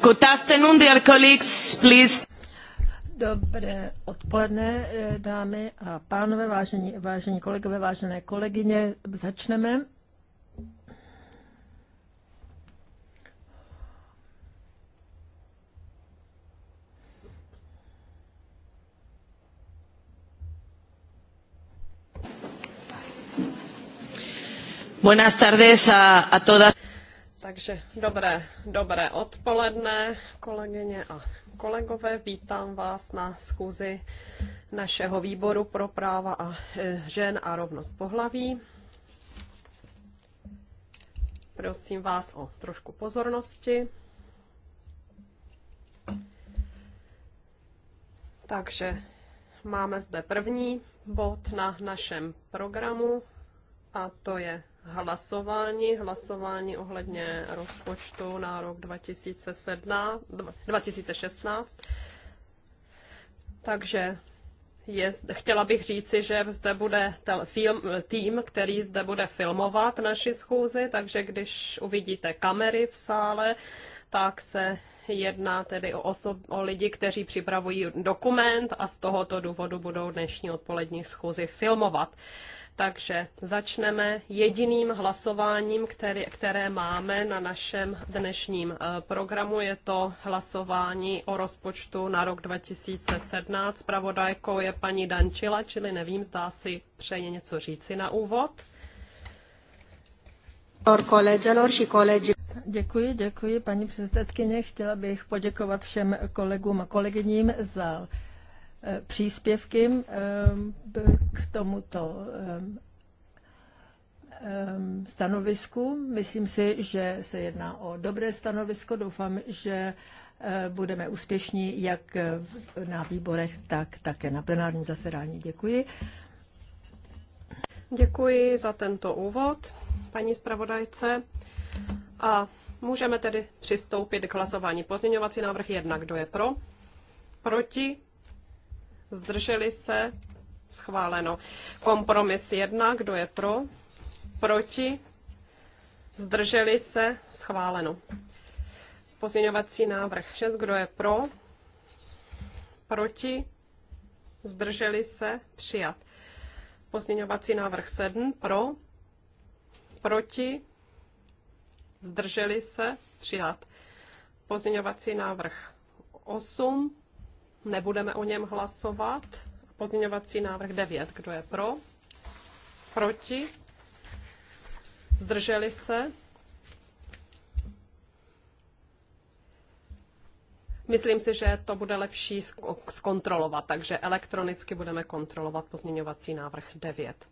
Dobré odpoledne, eh, dámy a pánové, vážení, vážení kolegové, vážené kolegyně. Začneme. Buenas tardes a, a todas. Takže dobré, dobré odpoledne, kolegyně a kolegové. Vítám vás na schůzi našeho výboru pro práva a e, žen a rovnost pohlaví. Prosím vás o trošku pozornosti. Takže máme zde první bod na našem programu a to je hlasování, hlasování ohledně rozpočtu na rok 2017, 2016. Takže je, chtěla bych říci, že zde bude tel, film, tým, který zde bude filmovat naši schůzi, takže když uvidíte kamery v sále, tak se jedná tedy o, osob, o lidi, kteří připravují dokument a z tohoto důvodu budou dnešní odpolední schůzi filmovat. Takže začneme jediným hlasováním, které, které máme na našem dnešním eh, programu. Je to hlasování o rozpočtu na rok 2017. Pravodajkou je paní Dančila, čili nevím, zdá si přeje něco říci na úvod. Děkuji, děkuji, paní předsedkyně. Chtěla bych poděkovat všem kolegům a kolegyním za Eh, příspěvky eh, k tomuto eh, stanovisku. Myslím si, že se jedná o dobré stanovisko. Doufám, že budeme úspěšní jak na výborech, tak také na plenárním zasedání. Děkuji. Děkuji za tento úvod, paní zpravodajce. A můžeme tedy přistoupit k hlasování. Pozměňovací návrh 1. Kdo je pro? Proti? zdrželi se, schváleno. Kompromis 1, kdo je pro, proti, zdrželi se, schváleno. Pozměňovací návrh 6, kdo je pro, proti, zdrželi se, přijat. Pozměňovací návrh 7, pro, proti, zdrželi se, přijat. Pozměňovací návrh 8, Nebudeme o něm hlasovat. Pozměňovací návrh 9. Kdo je pro? Proti? Zdrželi se? Myslím si, že to bude lepší zkontrolovat, takže elektronicky budeme kontrolovat pozměňovací návrh 9.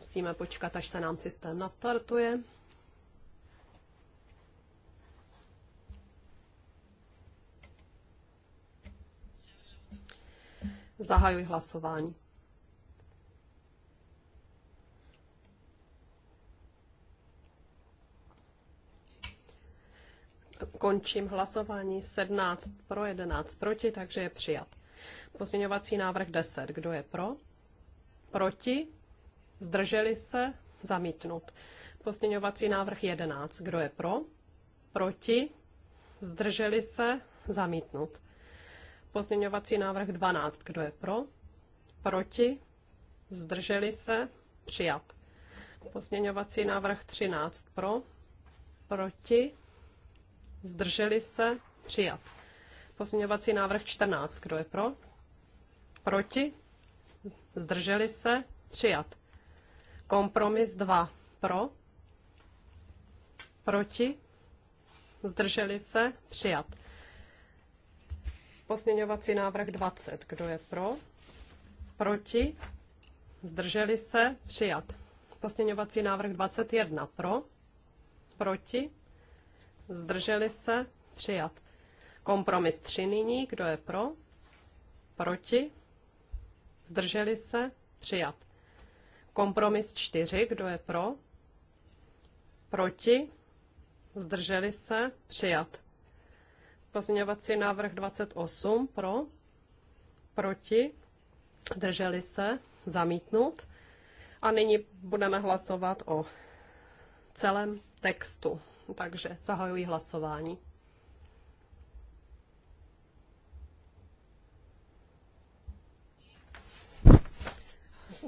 Musíme počkat, až se nám systém nastartuje. Zahajuji hlasování. Končím hlasování 17 pro, 11 proti, takže je přijat. Pozměňovací návrh 10. Kdo je pro? Proti? Zdrželi se? Zamítnut. Pozměňovací návrh 11. Kdo je pro? Proti? Zdrželi se? Zamítnut. Pozměňovací návrh 12. Kdo je pro? Proti? Zdrželi se? Přijat. Pozměňovací návrh 13. Pro? Proti? Zdrželi se? Přijat. Pozměňovací návrh 14. Kdo je pro? Proti? Zdrželi se? Přijat. Kompromis 2. Pro? Proti? Zdrželi se? Přijat. Pozměňovací návrh 20. Kdo je pro? Proti? Zdrželi se? Přijat. Pozměňovací návrh 21. Pro? Proti? Zdrželi se? Přijat. Kompromis 3 nyní. Kdo je pro? Proti? Zdrželi se? Přijat. Kompromis 4. Kdo je pro? Proti? Zdrželi se? Přijat. Pozměňovací návrh 28 pro, proti, drželi se, zamítnut. A nyní budeme hlasovat o celém textu. Takže zahajuji hlasování.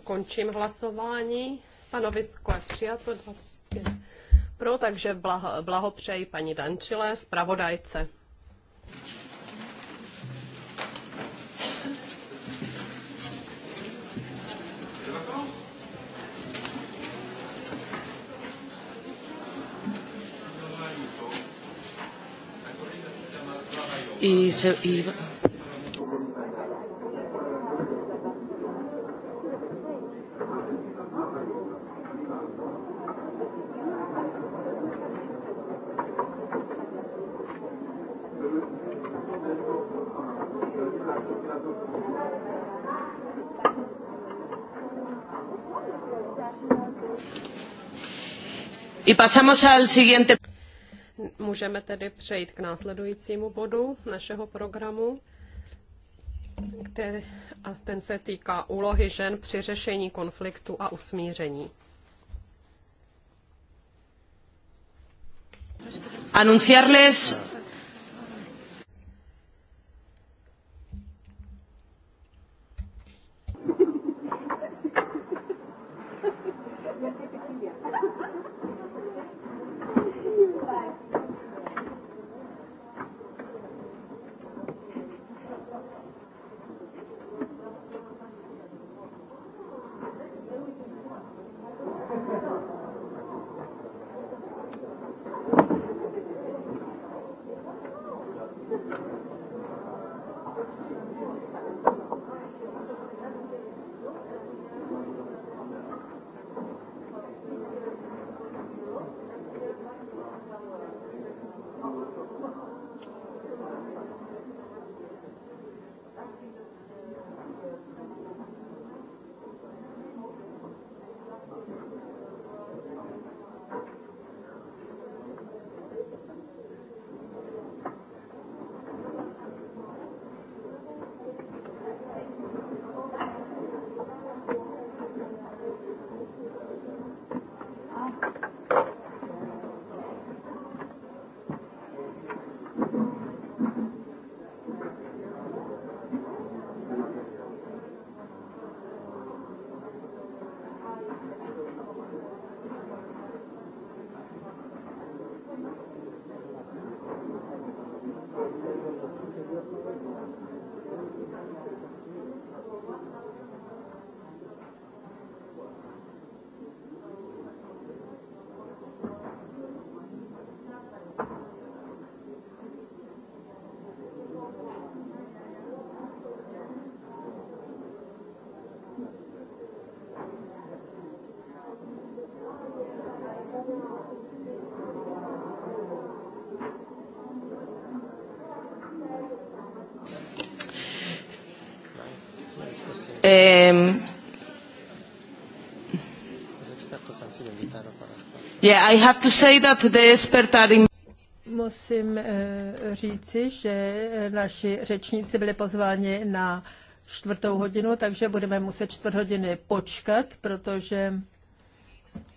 Končím hlasování. Stanovisko je přijato 25 pro, takže blaho, blahopřeji paní Dančile, zpravodajce. y, se, y pasamos al siguiente Můžeme tedy přejít k následujícímu bodu našeho programu, který, a ten se týká úlohy žen při řešení konfliktu a usmíření. Anunciarles Musím eh, říci, že eh, naši řečníci byli pozváni na čtvrtou hodinu, takže budeme muset čtvrt hodiny počkat, protože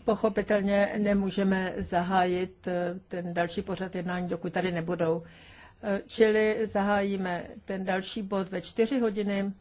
pochopitelně nemůžeme zahájit eh, ten další pořad jednání, dokud tady nebudou. Čili zahájíme ten další bod ve čtyři hodiny.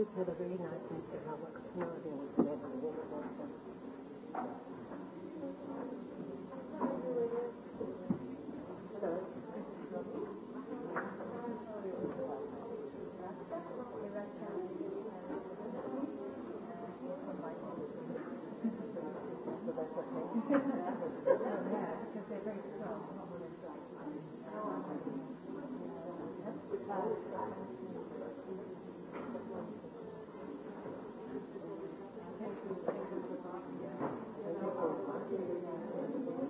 just had a very nice Mr. with at the River Boston. Hello. I, I,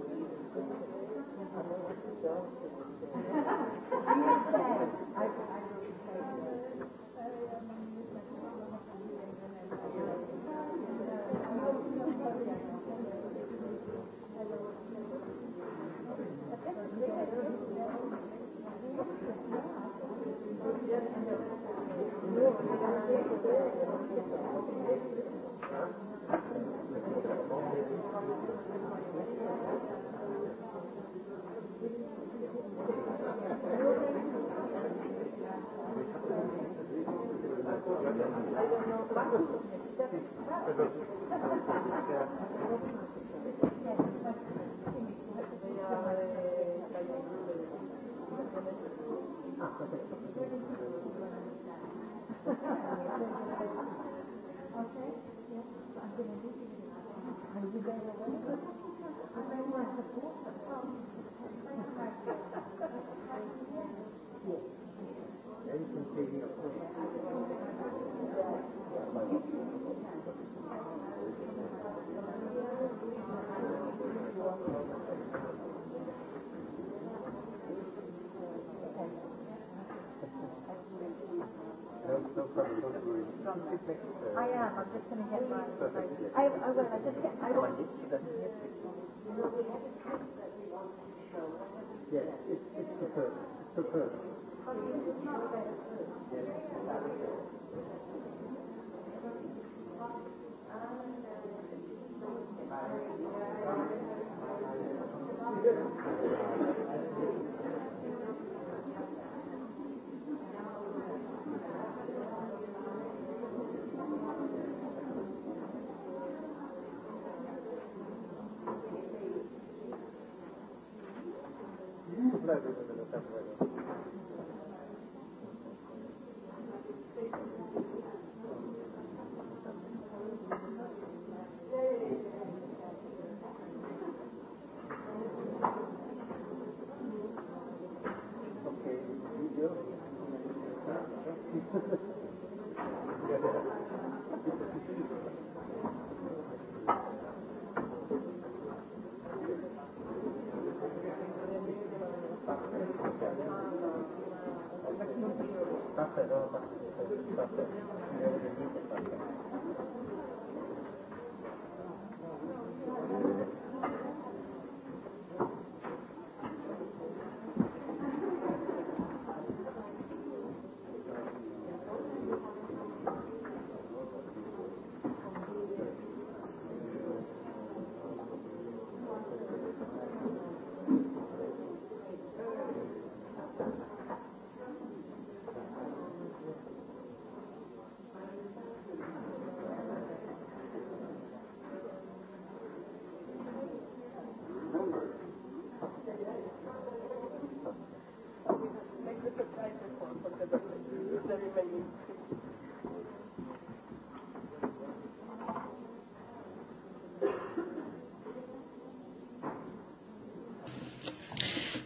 I Thank you. I am. I'm just going to get my. I, I will. I just get. I Yes, it's, it's superb. Thank you.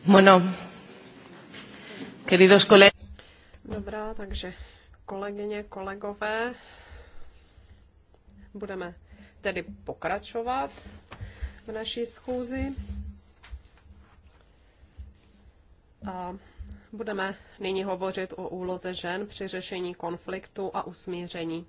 Bueno, queridos colegas. Dobrá, takže kolegyně, kolegové, budeme tedy pokračovat v naší schůzi. A Budeme nyní hovořit o úloze žen při řešení konfliktu a usmíření.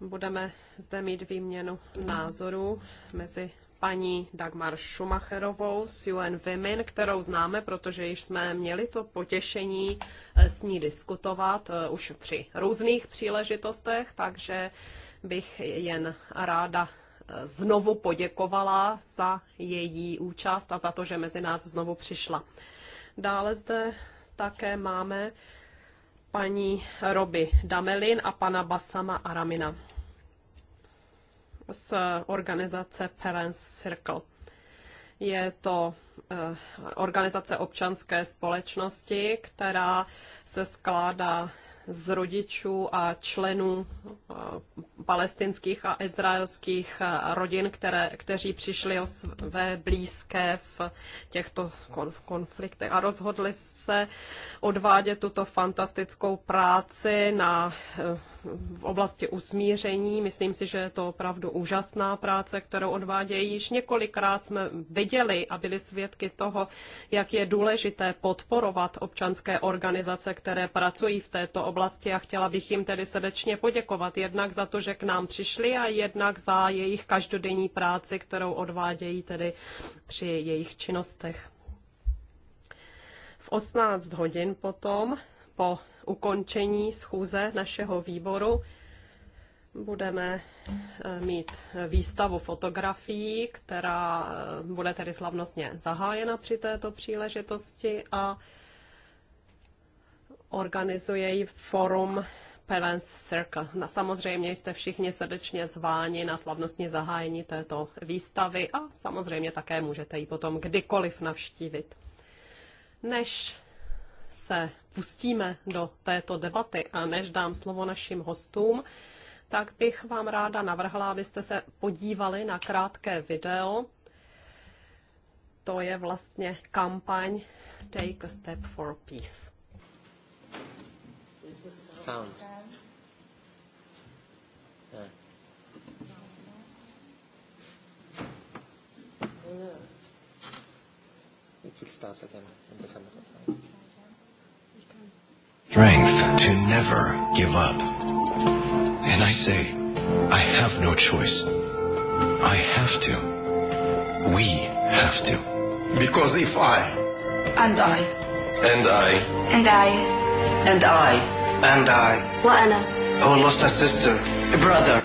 Budeme zde mít výměnu názorů mezi paní Dagmar Schumacherovou z UN Women, kterou známe, protože již jsme měli to potěšení eh, s ní diskutovat eh, už při různých příležitostech, takže bych jen ráda znovu poděkovala za její účast a za to, že mezi nás znovu přišla. Dále zde také máme paní Roby Damelin a pana Basama Aramina z organizace Parents Circle. Je to eh, organizace občanské společnosti, která se skládá z rodičů a členů eh, palestinských a izraelských eh, rodin, které, kteří přišli o své blízké v těchto konfliktech a rozhodli se odvádět tuto fantastickou práci na eh, v oblasti usmíření. Myslím si, že je to opravdu úžasná práce, kterou odvádějí. Již několikrát jsme viděli a byli svědky toho, jak je důležité podporovat občanské organizace, které pracují v této oblasti a chtěla bych jim tedy srdečně poděkovat jednak za to, že k nám přišli a jednak za jejich každodenní práci, kterou odvádějí tedy při jejich činnostech. V 18 hodin potom po ukončení schůze našeho výboru budeme eh, mít výstavu fotografií, která eh, bude tedy slavnostně zahájena při této příležitosti a organizuje ji forum Pelens Circle. Na, samozřejmě jste všichni srdečně zváni na slavnostní zahájení této výstavy a samozřejmě také můžete ji potom kdykoliv navštívit. Než se pustíme do této debaty a než dám slovo našim hostům, tak bych vám ráda navrhla, abyste se podívali na krátké video. To je vlastně kampaň Take a Step for Peace. Sound. Yeah. It will start again in the Strength to never give up. And I say, I have no choice. I have to. We have to. Because if I. And I. And I. And I. And I. And I. And Anna? Oh, Who lost a sister. A brother.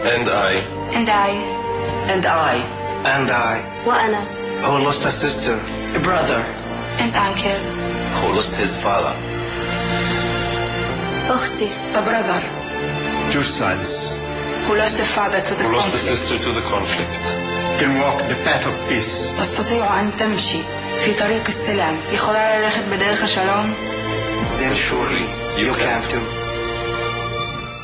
And I. And I. And I. And I. وأنا. Who lost a sister, a brother. And uncle. Who lost his father. أختي. A brother. Two sons. Who lost a father to the conflict. Who lost a sister to the conflict. Can walk the path of peace. تستطيع أن تمشي في طريق السلام. يخلال ללכת בדרך השלום. Then surely you, you can too.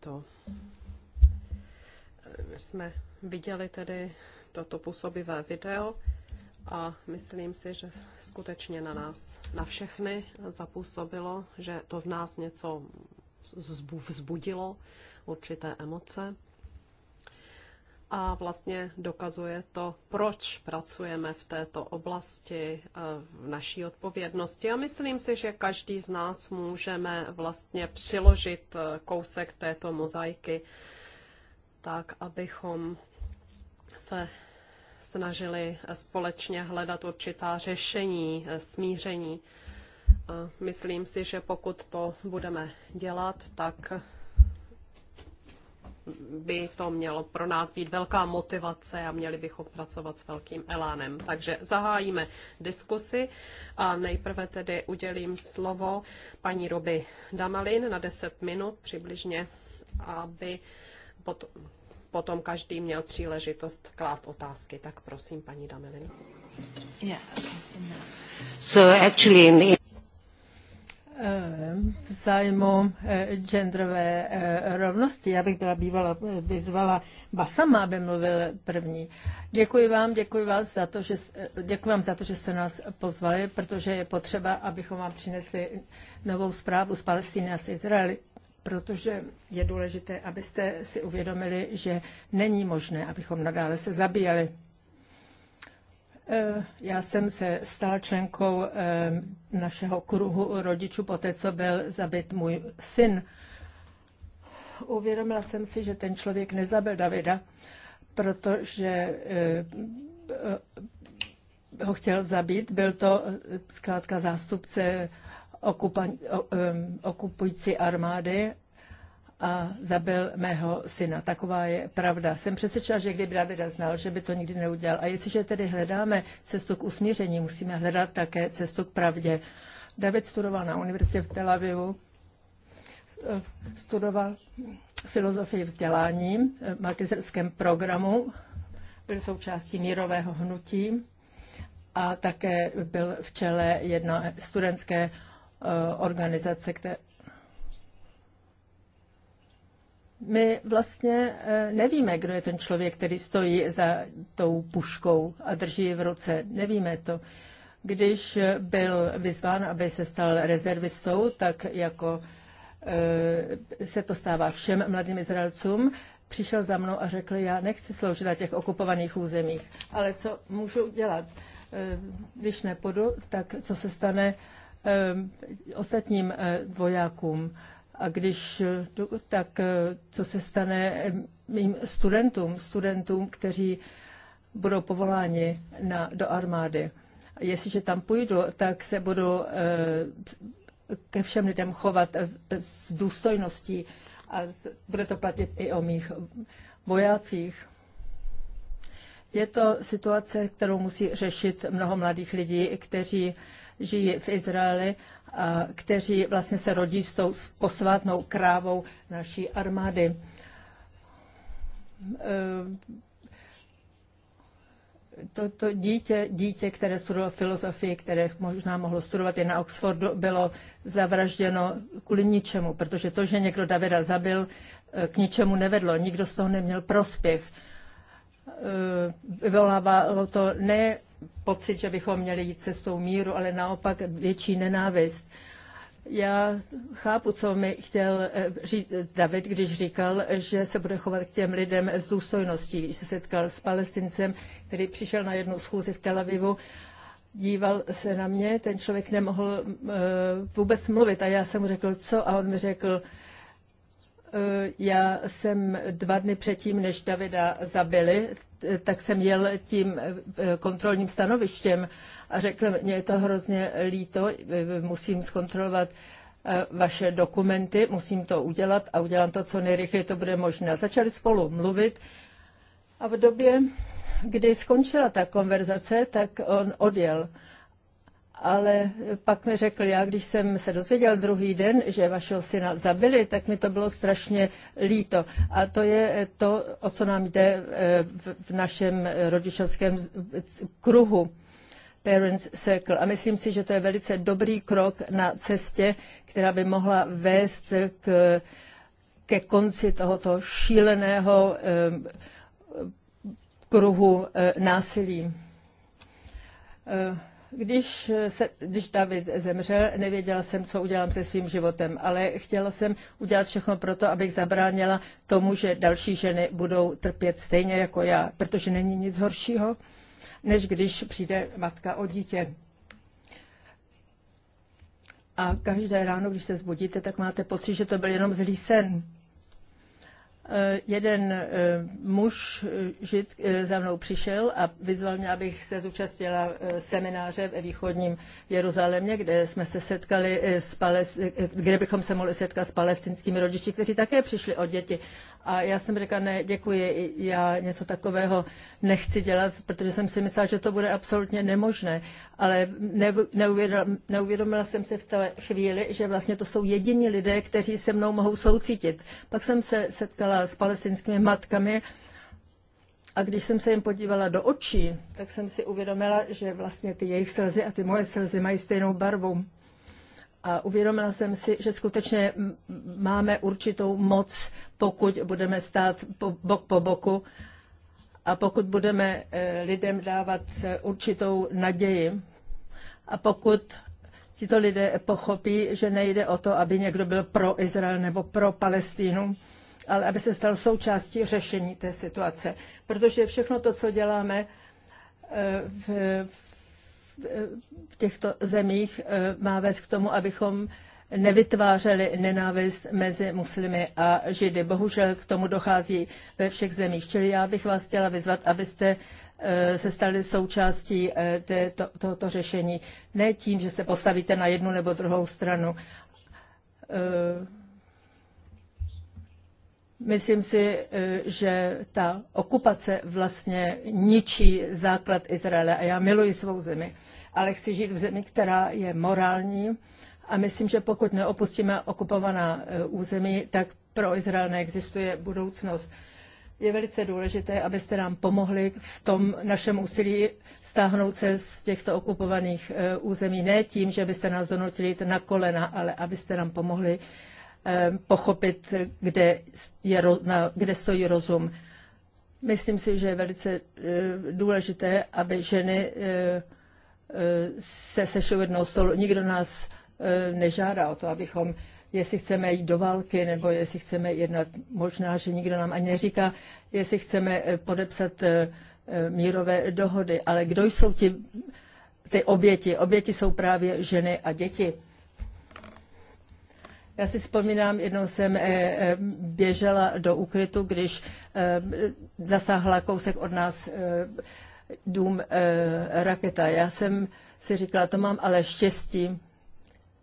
to. My jsme viděli tedy toto působivé video a myslím si, že skutečně na nás, na všechny zapůsobilo, že to v nás něco vzbudilo, určité emoce a vlastně dokazuje to, proč pracujeme v této oblasti eh, v naší odpovědnosti. A myslím si, že každý z nás můžeme vlastně přiložit eh, kousek této mozaiky tak, abychom se snažili společně hledat určitá řešení, eh, smíření. A myslím si, že pokud to budeme dělat, tak by to mělo pro nás být velká motivace a měli bychom pracovat s velkým elánem. Takže zahájíme diskusy a nejprve tedy udělím slovo paní Roby Damalin na 10 minut přibližně, aby potom, potom každý měl příležitost klást otázky. Tak prosím, paní Damalin. Yeah, So actually in v zájmu eh, genderové eh, rovnosti. Já bych byla bývala, eh, vyzvala Basama, aby mluvil první. Děkuji vám, děkuji, vás za to, že, děkuji vám za to, že jste nás pozvali, protože je potřeba, abychom vám přinesli novou zprávu z Palestiny a z Izraeli protože je důležité, abyste si uvědomili, že není možné, abychom nadále se zabíjeli. Eh, já jsem se stal členkou eh, našeho kruhu rodičů po té, co byl zabit můj syn. Uvědomila jsem si, že ten člověk nezabil Davida, protože eh, ho chtěl zabít. Byl to zkrátka zástupce okupující armády a zabil mého syna. Taková je pravda. Jsem přesvědčena, že kdyby Davida znal, že by to nikdy neudělal. A jestliže tedy hledáme cestu k usmíření, musíme hledat také cestu k pravdě. David studoval na univerzitě v Tel Avivu, studoval filozofii vzdělání v magisterském programu, byl součástí mírového hnutí a také byl v čele jedné studentské eh, organizace, my vlastně eh, nevíme, kdo je ten člověk, který stojí za tou puškou a drží ji v ruce. Nevíme to. Když byl vyzván, aby se stal rezervistou, tak jako eh, se to stává všem mladým Izraelcům, přišel za mnou a řekl, já nechci sloužit na těch okupovaných územích, ale co můžu dělat? Eh, když nepůjdu, tak co se stane ostatním vojákům? A když, eh, tak eh, co se stane eh, mým studentům, studentům, kteří budou povoláni na, do armády. Jestliže tam půjdu, tak se budu ke všem lidem chovat s důstojností a bude to platit i o mých vojácích. Je to situace, kterou musí řešit mnoho mladých lidí, kteří žijí v Izraeli kteří vlastně se rodí s tou posvátnou krávou naší armády. Toto e, to dítě, dítě, které studovalo filozofii, které možná mohlo studovat i na Oxfordu, bylo zavražděno kvůli ničemu, protože to, že někdo Davida zabil, e, k ničemu nevedlo. Nikdo z toho neměl prospěch e, vyvolávalo to ne pocit, že bychom měli jít cestou míru, ale naopak větší nenávist. Já chápu, co mi chtěl eh, říct David, když říkal, že se bude chovat k těm lidem s důstojností, když se setkal s palestincem, který přišel na jednu schůzi v Tel Avivu díval se na mě, ten člověk nemohl uh, vůbec mluvit a já jsem mu řekl, co? A on mi řekl, uh, já jsem dva dny předtím, než Davida zabili, tak jsem jel tím eh, eh, kontrolním stanovištěm a řekl, mě je to hrozně líto, eh, musím zkontrolovat vaše dokumenty, musím to udělat a udělám to, co nejrychleji to bude možné. Začali spolu mluvit a v době, kdy skončila ta konverzace, tak on odjel ale pak mi řekl, já když jsem se dozvěděl druhý den, že vašeho syna zabili, tak mi to bylo strašně líto. A to je to, o co nám jde eh, v našem rodičovském kruhu. Parents Circle. A myslím si, že to je velice dobrý krok na cestě, která by mohla vést k, ke konci tohoto šíleného eh, kruhu eh, násilí. Když, se, když David zemřel, nevěděla jsem, co udělám se svým životem, ale chtěla jsem udělat všechno pro to, abych zabránila tomu, že další ženy budou trpět stejně jako já, protože není nic horšího, než když přijde matka o dítě. A každé ráno, když se zbudíte, tak máte pocit, že to byl jenom zlý sen. Eh, jeden eh, muž eh, žid za mnou přišel a vyzval mě, abych se zúčastnila semináře ve východním Jeruzalémě, kde jsme se setkali s Palest... kde bychom se mohli setkat s palestinskými rodiči, kteří také přišli o děti. A já jsem řekla, ne, děkuji, já něco takového nechci dělat, protože jsem si myslela, že to bude absolutně nemožné. Ale neuvědomila, neuvědomila jsem se v té chvíli, že vlastně to jsou jediní lidé, kteří se mnou mohou soucítit. Pak jsem se setkala s palestinskými matkami. A když jsem se jim podívala do očí, tak jsem si uvědomila, že vlastně ty jejich slzy a ty moje slzy mají stejnou barvu. A uvědomila jsem si, že skutečně máme určitou moc, pokud budeme stát po, bok po boku a pokud budeme eh, lidem dávat eh, určitou naději. A pokud tito lidé pochopí, že nejde o to, aby někdo byl pro Izrael nebo pro Palestínu, ale aby se stal součástí řešení té situace. Protože všechno to, co děláme eh, v, v těchto zemích, eh, má vést k tomu, abychom nevytvářeli nenávist mezi muslimy a židy. Bohužel k tomu dochází ve všech zemích. Čili já bych vás chtěla vyzvat, abyste eh, se stali součástí této, tohoto řešení. Ne tím, že se postavíte na jednu nebo druhou stranu. Myslím si, eh, že ta okupace vlastně ničí základ Izraele a já miluji svou zemi, ale chci žít v zemi, která je morální a myslím, že pokud neopustíme okupovaná eh, území, tak pro Izrael neexistuje budoucnost. Je velice důležité, abyste nám pomohli v tom našem úsilí stáhnout se z těchto okupovaných eh, území. Ne tím, že byste nás donutili jít na kolena, ale abyste nám pomohli Eh, pochopit, kde, je, kde stojí rozum. Myslím si, že je velice eh, důležité, aby ženy eh, se sešly u jednoho stolu. Nikdo nás nežádá o to, abychom, jestli chceme jít do války, nebo jestli chceme jednat, možná, že nikdo nám ani neříká, jestli chceme podepsat mírové dohody, ale kdo jsou ti, ty oběti? Oběti jsou právě ženy a děti. Já si vzpomínám, jednou jsem eh, eh, běžela do úkrytu, když eh, zasáhla kousek od nás dům raketa. Já jsem si říkala, to mám ale štěstí.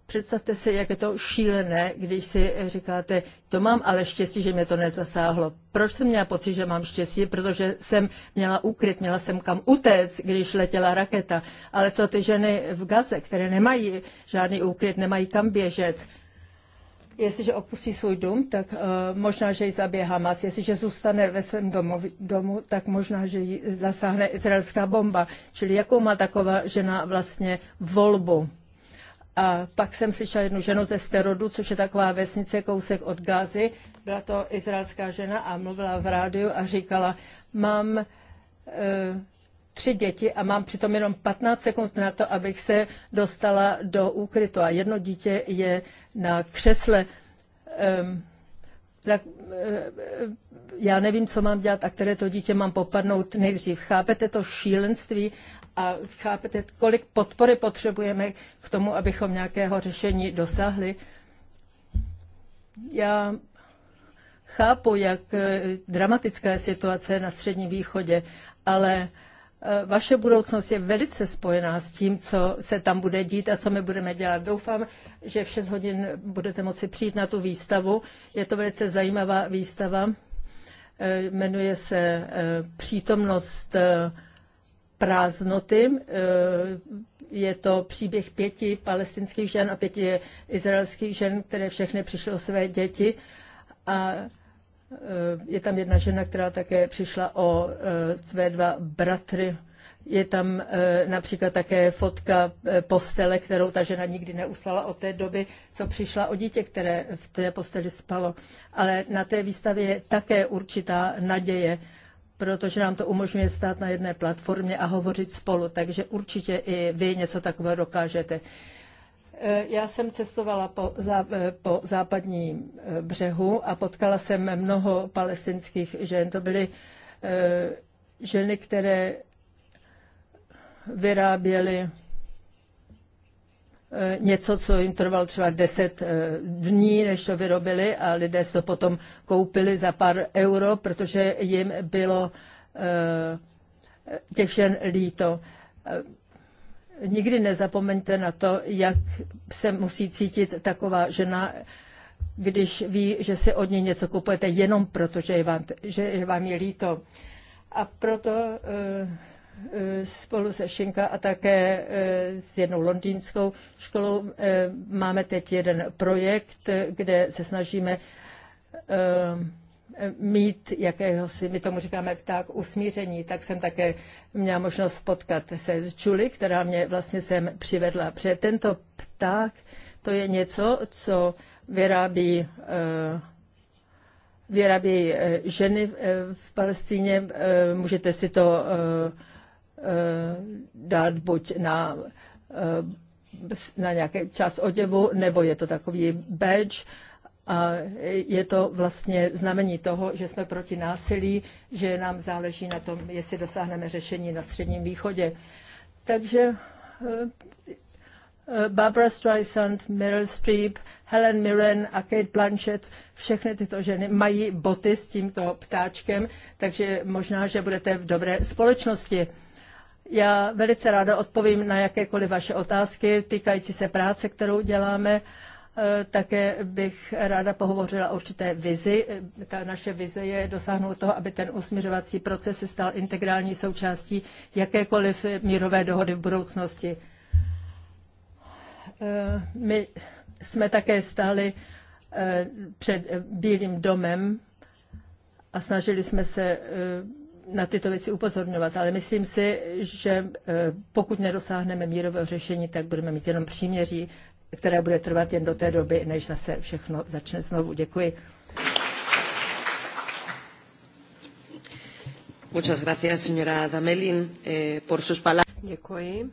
Představte si, jak je to šílené, když si říkáte, to mám ale štěstí, že mě to nezasáhlo. Proč jsem měla pocit, že mám štěstí? Protože jsem měla ukryt, měla jsem kam utéct, když letěla raketa. Ale co ty ženy v Gaze, které nemají žádný úkryt, nemají kam běžet, Jestliže opustí svůj dům, tak uh, možná, že ji zabije Hamas. Jestliže zůstane ve svém domu, domu, tak možná, že ji zasáhne izraelská bomba. Čili jakou má taková žena vlastně volbu? A pak jsem slyšela jednu ženu ze Sterodu, což je taková vesnice kousek od Gázy. Byla to izraelská žena a mluvila v rádiu a říkala, mám... Uh, tři děti a mám přitom jenom 15 sekund na to, abych se dostala do úkrytu a jedno dítě je na křesle. Um, tak eh, já nevím, co mám dělat a které to dítě mám popadnout nejdřív. Chápete to šílenství a chápete, kolik podpory potřebujeme k tomu, abychom nějakého řešení dosáhli. Já chápu, jak eh, dramatická je situace na Středním východě, ale Eh, vaše budoucnost je velice spojená s tím, co se tam bude dít a co my budeme dělat. Doufám, že v 6 hodin budete moci přijít na tu výstavu. Je to velice zajímavá výstava. Eh, jmenuje se eh, Přítomnost prázdnoty. Je to příběh pěti palestinských žen a pěti izraelských žen, které všechny přišly o své děti. A Eh, je tam jedna žena, která také přišla o eh, své dva bratry. Je tam eh, například také fotka postele, kterou ta žena nikdy neuslala od té doby, co přišla o dítě, které v té posteli spalo. Ale na té výstavě je také určitá naděje, protože nám to umožňuje stát na jedné platformě a hovořit spolu. Takže určitě i vy něco takového dokážete. Eh, já jsem cestovala po, zá, eh, po západním eh, břehu a potkala jsem mnoho palestinských žen. To byly ženy, které vyráběly něco, co jim trvalo třeba 10 dní, než to vyrobili a lidé si to potom koupili za pár euro, protože jim bylo těch žen líto nikdy nezapomeňte na to, jak se musí cítit taková žena, když ví, že si od ní něco kupujete jenom proto, že je vám, že je vám je líto. A proto eh, eh, spolu se Šinka a také eh, s jednou londýnskou školou máme teď jeden projekt, kde se snažíme mít jakéhosi, my tomu říkáme pták usmíření, tak jsem také měla možnost potkat se s Čuli, která mě vlastně sem přivedla. Protože tento pták, to je něco, co vyrábí eh, vyrábí eh, ženy eh, v Palestíně. Můžete si to dát buď na, na nějaký část oděvu, nebo je to takový badge, a je to vlastně znamení toho, že jsme proti násilí, že nám záleží na tom, jestli dosáhneme řešení na Středním východě. Takže eh, eh, Barbara Streisand, Meryl Streep, Helen Mirren a Kate Blanchett, všechny tyto ženy mají boty s tímto ptáčkem, takže možná, že budete v dobré společnosti. Já velice ráda odpovím na jakékoliv vaše otázky týkající se práce, kterou děláme. Eh, také bych ráda pohovořila o určité vizi. Eh, ta naše vize je dosáhnout toho, aby ten usměřovací proces se stal integrální součástí jakékoliv mírové dohody v budoucnosti. Eh, my jsme také stáli před Bílým domem a snažili jsme se na tyto věci upozorňovat, ale myslím si, že pokud nedosáhneme mírového řešení, tak budeme mít jenom příměří které bude trvat jen do té doby, než zase všechno začne znovu. Děkuji. Muchas gracias, señora Damelin, eh, por sus palabras. Děkuji,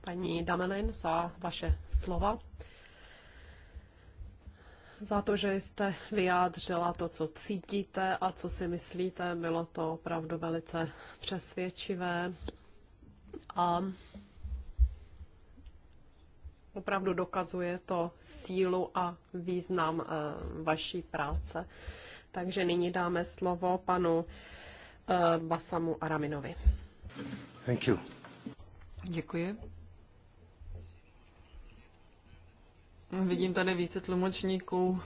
paní Damelin, za vaše slova za to, že jste vyjádřila to, co cítíte a co si myslíte. Bylo to opravdu velice přesvědčivé. A Opravdu dokazuje to sílu a význam eh, vaší práce. Takže nyní dáme slovo panu eh, Basamu Araminovi. Thank you. Děkuji. Vidím tady více tlumočníků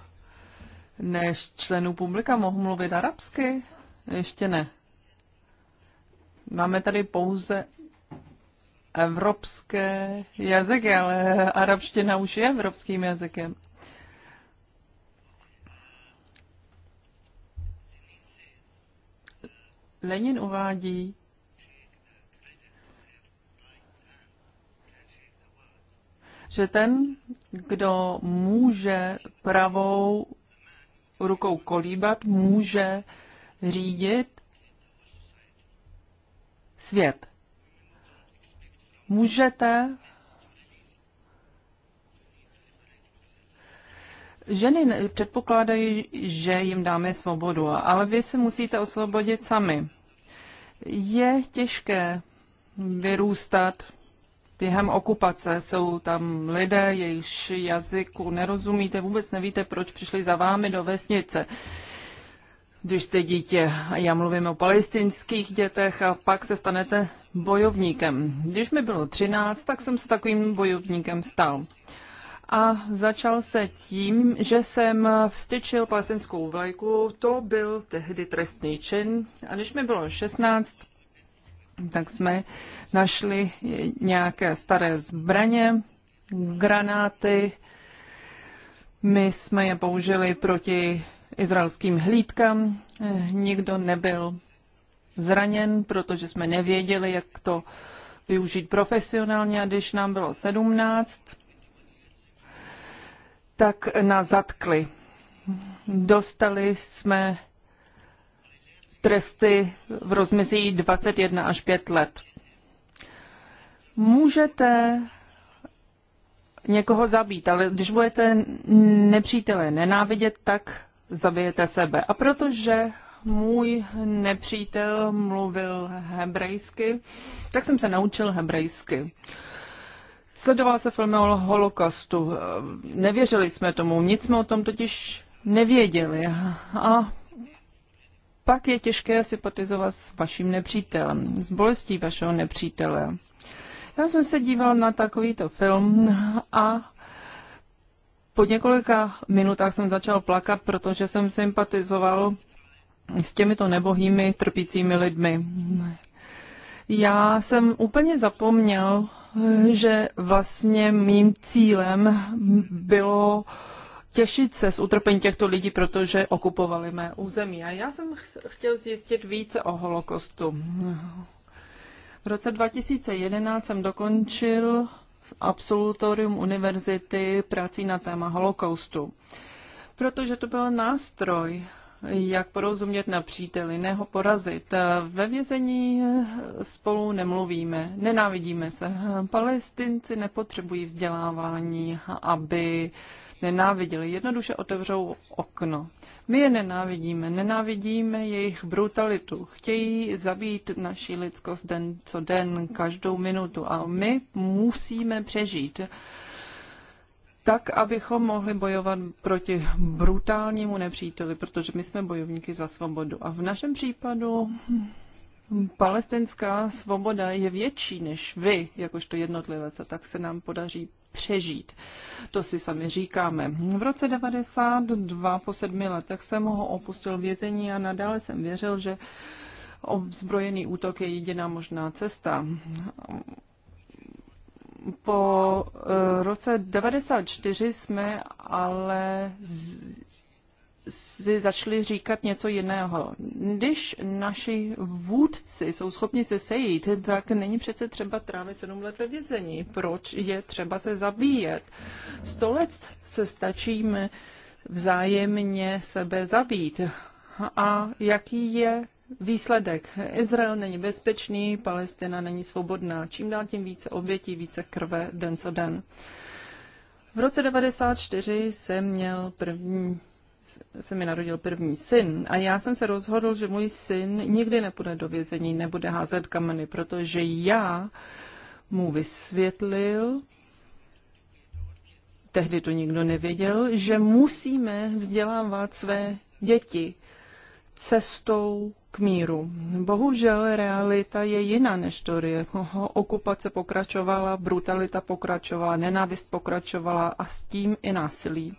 než členů publika. Mohu mluvit arabsky? Ještě ne. Máme tady pouze evropské jazyky, ale arabština už je evropským jazykem. Lenin uvádí, že ten, kdo může pravou rukou kolíbat, může řídit svět. Můžete Ženy předpokládají, že jim dáme svobodu, ale vy se musíte osvobodit sami. Je těžké vyrůstat během okupace. Jsou tam lidé, jejichž jazyku nerozumíte, vůbec nevíte, proč přišli za vámi do vesnice. Když jste dítě, já mluvím o palestinských dětech, a pak se stanete bojovníkem. Když mi bylo 13, tak jsem se takovým bojovníkem stal. A začal se tím, že jsem vstyčil palestinskou vlajku. To byl tehdy trestný čin. A když mi bylo 16, tak jsme našli nějaké staré zbraně, granáty. My jsme je použili proti izraelským hlídkám. Nikdo nebyl zraněn, protože jsme nevěděli, jak to využít profesionálně a když nám bylo 17, tak nás zatkli. Dostali jsme tresty v rozmezí 21 až 5 let. Můžete někoho zabít, ale když budete nepřítele nenávidět, tak zabijete sebe. A protože můj nepřítel mluvil hebrejsky, tak jsem se naučil hebrejsky. Sledoval se film o holokaustu. Nevěřili jsme tomu, nic jsme o tom totiž nevěděli. A pak je těžké sympatizovat s vaším nepřítelem, s bolestí vašeho nepřítele. Já jsem se díval na takovýto film a po několika minutách jsem začal plakat, protože jsem sympatizoval s těmito nebohými trpícími lidmi. Já jsem úplně zapomněl, že vlastně mým cílem bylo těšit se z utrpení těchto lidí, protože okupovali mé území. A já jsem chtěl zjistit více o holokostu. V roce 2011 jsem dokončil v absolutorium univerzity prací na téma holokaustu, protože to byl nástroj, jak porozumět na napřítel, neho porazit. Ve vězení spolu nemluvíme, nenávidíme se. Palestinci nepotřebují vzdělávání, aby nenáviděli. Jednoduše otevřou okno. My je nenávidíme, nenávidíme jejich brutalitu. Chtějí zabít naši lidskost den co den, každou minutu a my musíme přežít tak, abychom mohli bojovat proti brutálnímu nepříteli, protože my jsme bojovníky za svobodu. A v našem případu palestinská svoboda je větší než vy, jakožto jednotlivec, a tak se nám podaří přežít. To si sami říkáme. V roce 92, po sedmi letech, jsem ho opustil vězení a nadále jsem věřil, že ozbrojený útok je jediná možná cesta. Po eh, roce 94 jsme ale si začali říkat něco jiného. Když naši vůdci jsou schopni se sejít, tak není přece třeba trávit sedm let ve vězení. Proč je třeba se zabíjet? Sto let se stačíme vzájemně sebe zabít. A jaký je výsledek. Izrael není bezpečný, Palestina není svobodná. Čím dál tím více obětí, více krve den co den. V roce 94 jsem měl první se mi narodil první syn a já jsem se rozhodl, že můj syn nikdy nepůjde do vězení, nebude házet kameny, protože já mu vysvětlil, tehdy to nikdo nevěděl, že musíme vzdělávat své děti cestou k míru. Bohužel realita je jiná než teorie. Okupace pokračovala, brutalita pokračovala, nenávist pokračovala a s tím i násilí.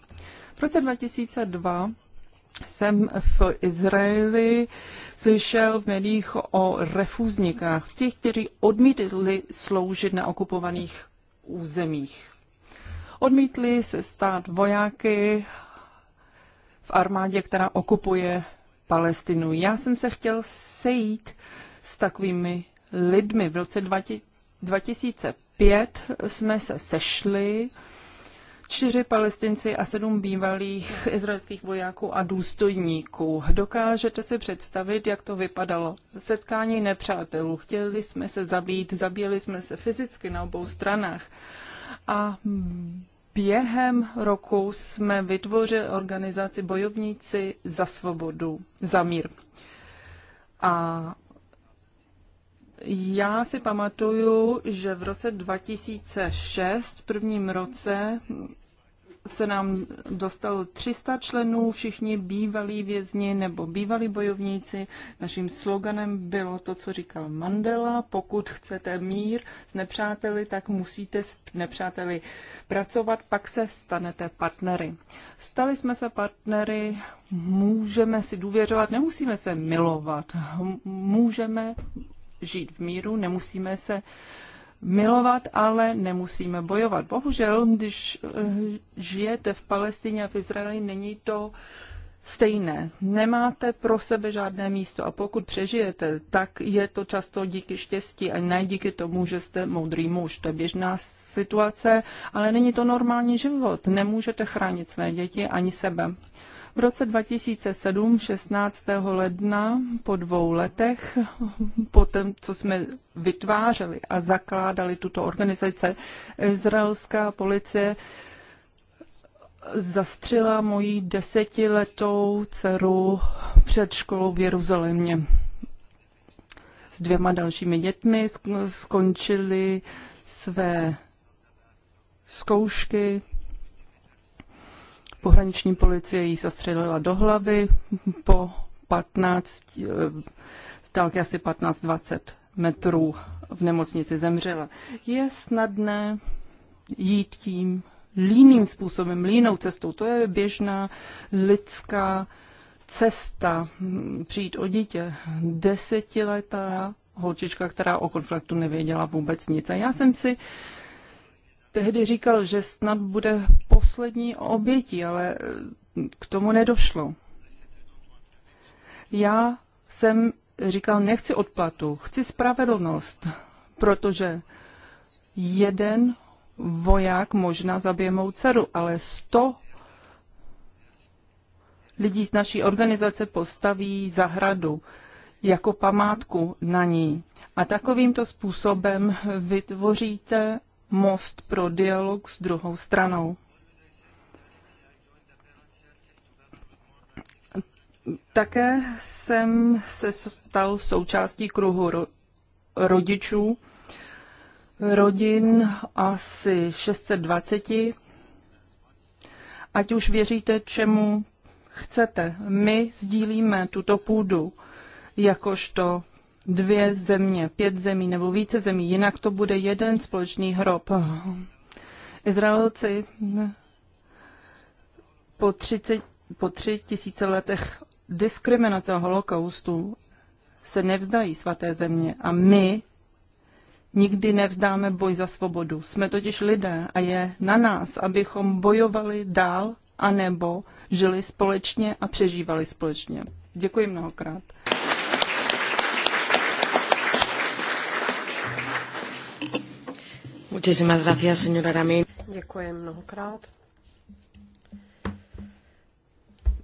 V roce 2002 jsem v Izraeli slyšel v médiích o refuzníkách, těch, kteří odmítli sloužit na okupovaných územích. Odmítli se stát vojáky v armádě, která okupuje Palestinu. Já jsem se chtěl sejít s takovými lidmi. V roce 2005 jsme se sešli, čtyři palestinci a sedm bývalých izraelských vojáků a důstojníků. Dokážete si představit, jak to vypadalo? Setkání nepřátelů. Chtěli jsme se zabít, zabíjeli jsme se fyzicky na obou stranách. A Během roku jsme vytvořili organizaci Bojovníci za svobodu, za mír. A já si pamatuju, že v roce 2006, v prvním roce, se nám dostalo 300 členů, všichni bývalí vězni nebo bývalí bojovníci. Naším sloganem bylo to, co říkal Mandela, pokud chcete mír s nepřáteli, tak musíte s nepřáteli pracovat, pak se stanete partnery. Stali jsme se partnery, můžeme si důvěřovat, nemusíme se milovat, můžeme žít v míru, nemusíme se uh, milovat, ale nemusíme bojovat. Bohužel, když eh, žijete v Palestině a v Izraeli, není to stejné. Nemáte pro sebe žádné místo a pokud přežijete, tak je to často díky štěstí a ne díky tomu, že jste moudrý muž. To je běžná situace, ale není to normální život. Nemůžete chránit své děti ani sebe. V roce 2007, 16. ledna, po dvou letech, po tom, co jsme vytvářeli a zakládali tuto organizaci, izraelská policie zastřela moji desetiletou dceru před školou v Jeruzalémě. S dvěma dalšími dětmi skončili své zkoušky Pohraniční policie jí zastřelila do hlavy po 15, stálky eh, asi 15-20 metrů v nemocnici zemřela. Je snadné jít tím líným způsobem, línou cestou. To je běžná lidská cesta hm, přijít o dítě. Desetiletá holčička, která o konfliktu nevěděla vůbec nic. A já jsem si tehdy říkal, že snad bude poslední obětí, ale eh, k tomu nedošlo. Já jsem říkal, nechci odplatu, chci spravedlnost, protože jeden voják možná zabije mou dceru, ale sto lidí z naší organizace postaví zahradu jako památku na ní. A takovýmto způsobem vytvoříte most pro dialog s druhou stranou. Také jsem se stal součástí kruhu rodičů, rodin asi 620. Ať už věříte čemu chcete, my sdílíme tuto půdu jakožto dvě země, pět zemí nebo více zemí, jinak to bude jeden společný hrob. Izraelci po, 30, po tři tisíce letech diskriminace a holokaustu se nevzdají svaté země a my nikdy nevzdáme boj za svobodu. Jsme totiž lidé a je na nás, abychom bojovali dál anebo žili společně a přežívali společně. Děkuji mnohokrát. Muchísimas gracias, señora Děkuji mnohokrát.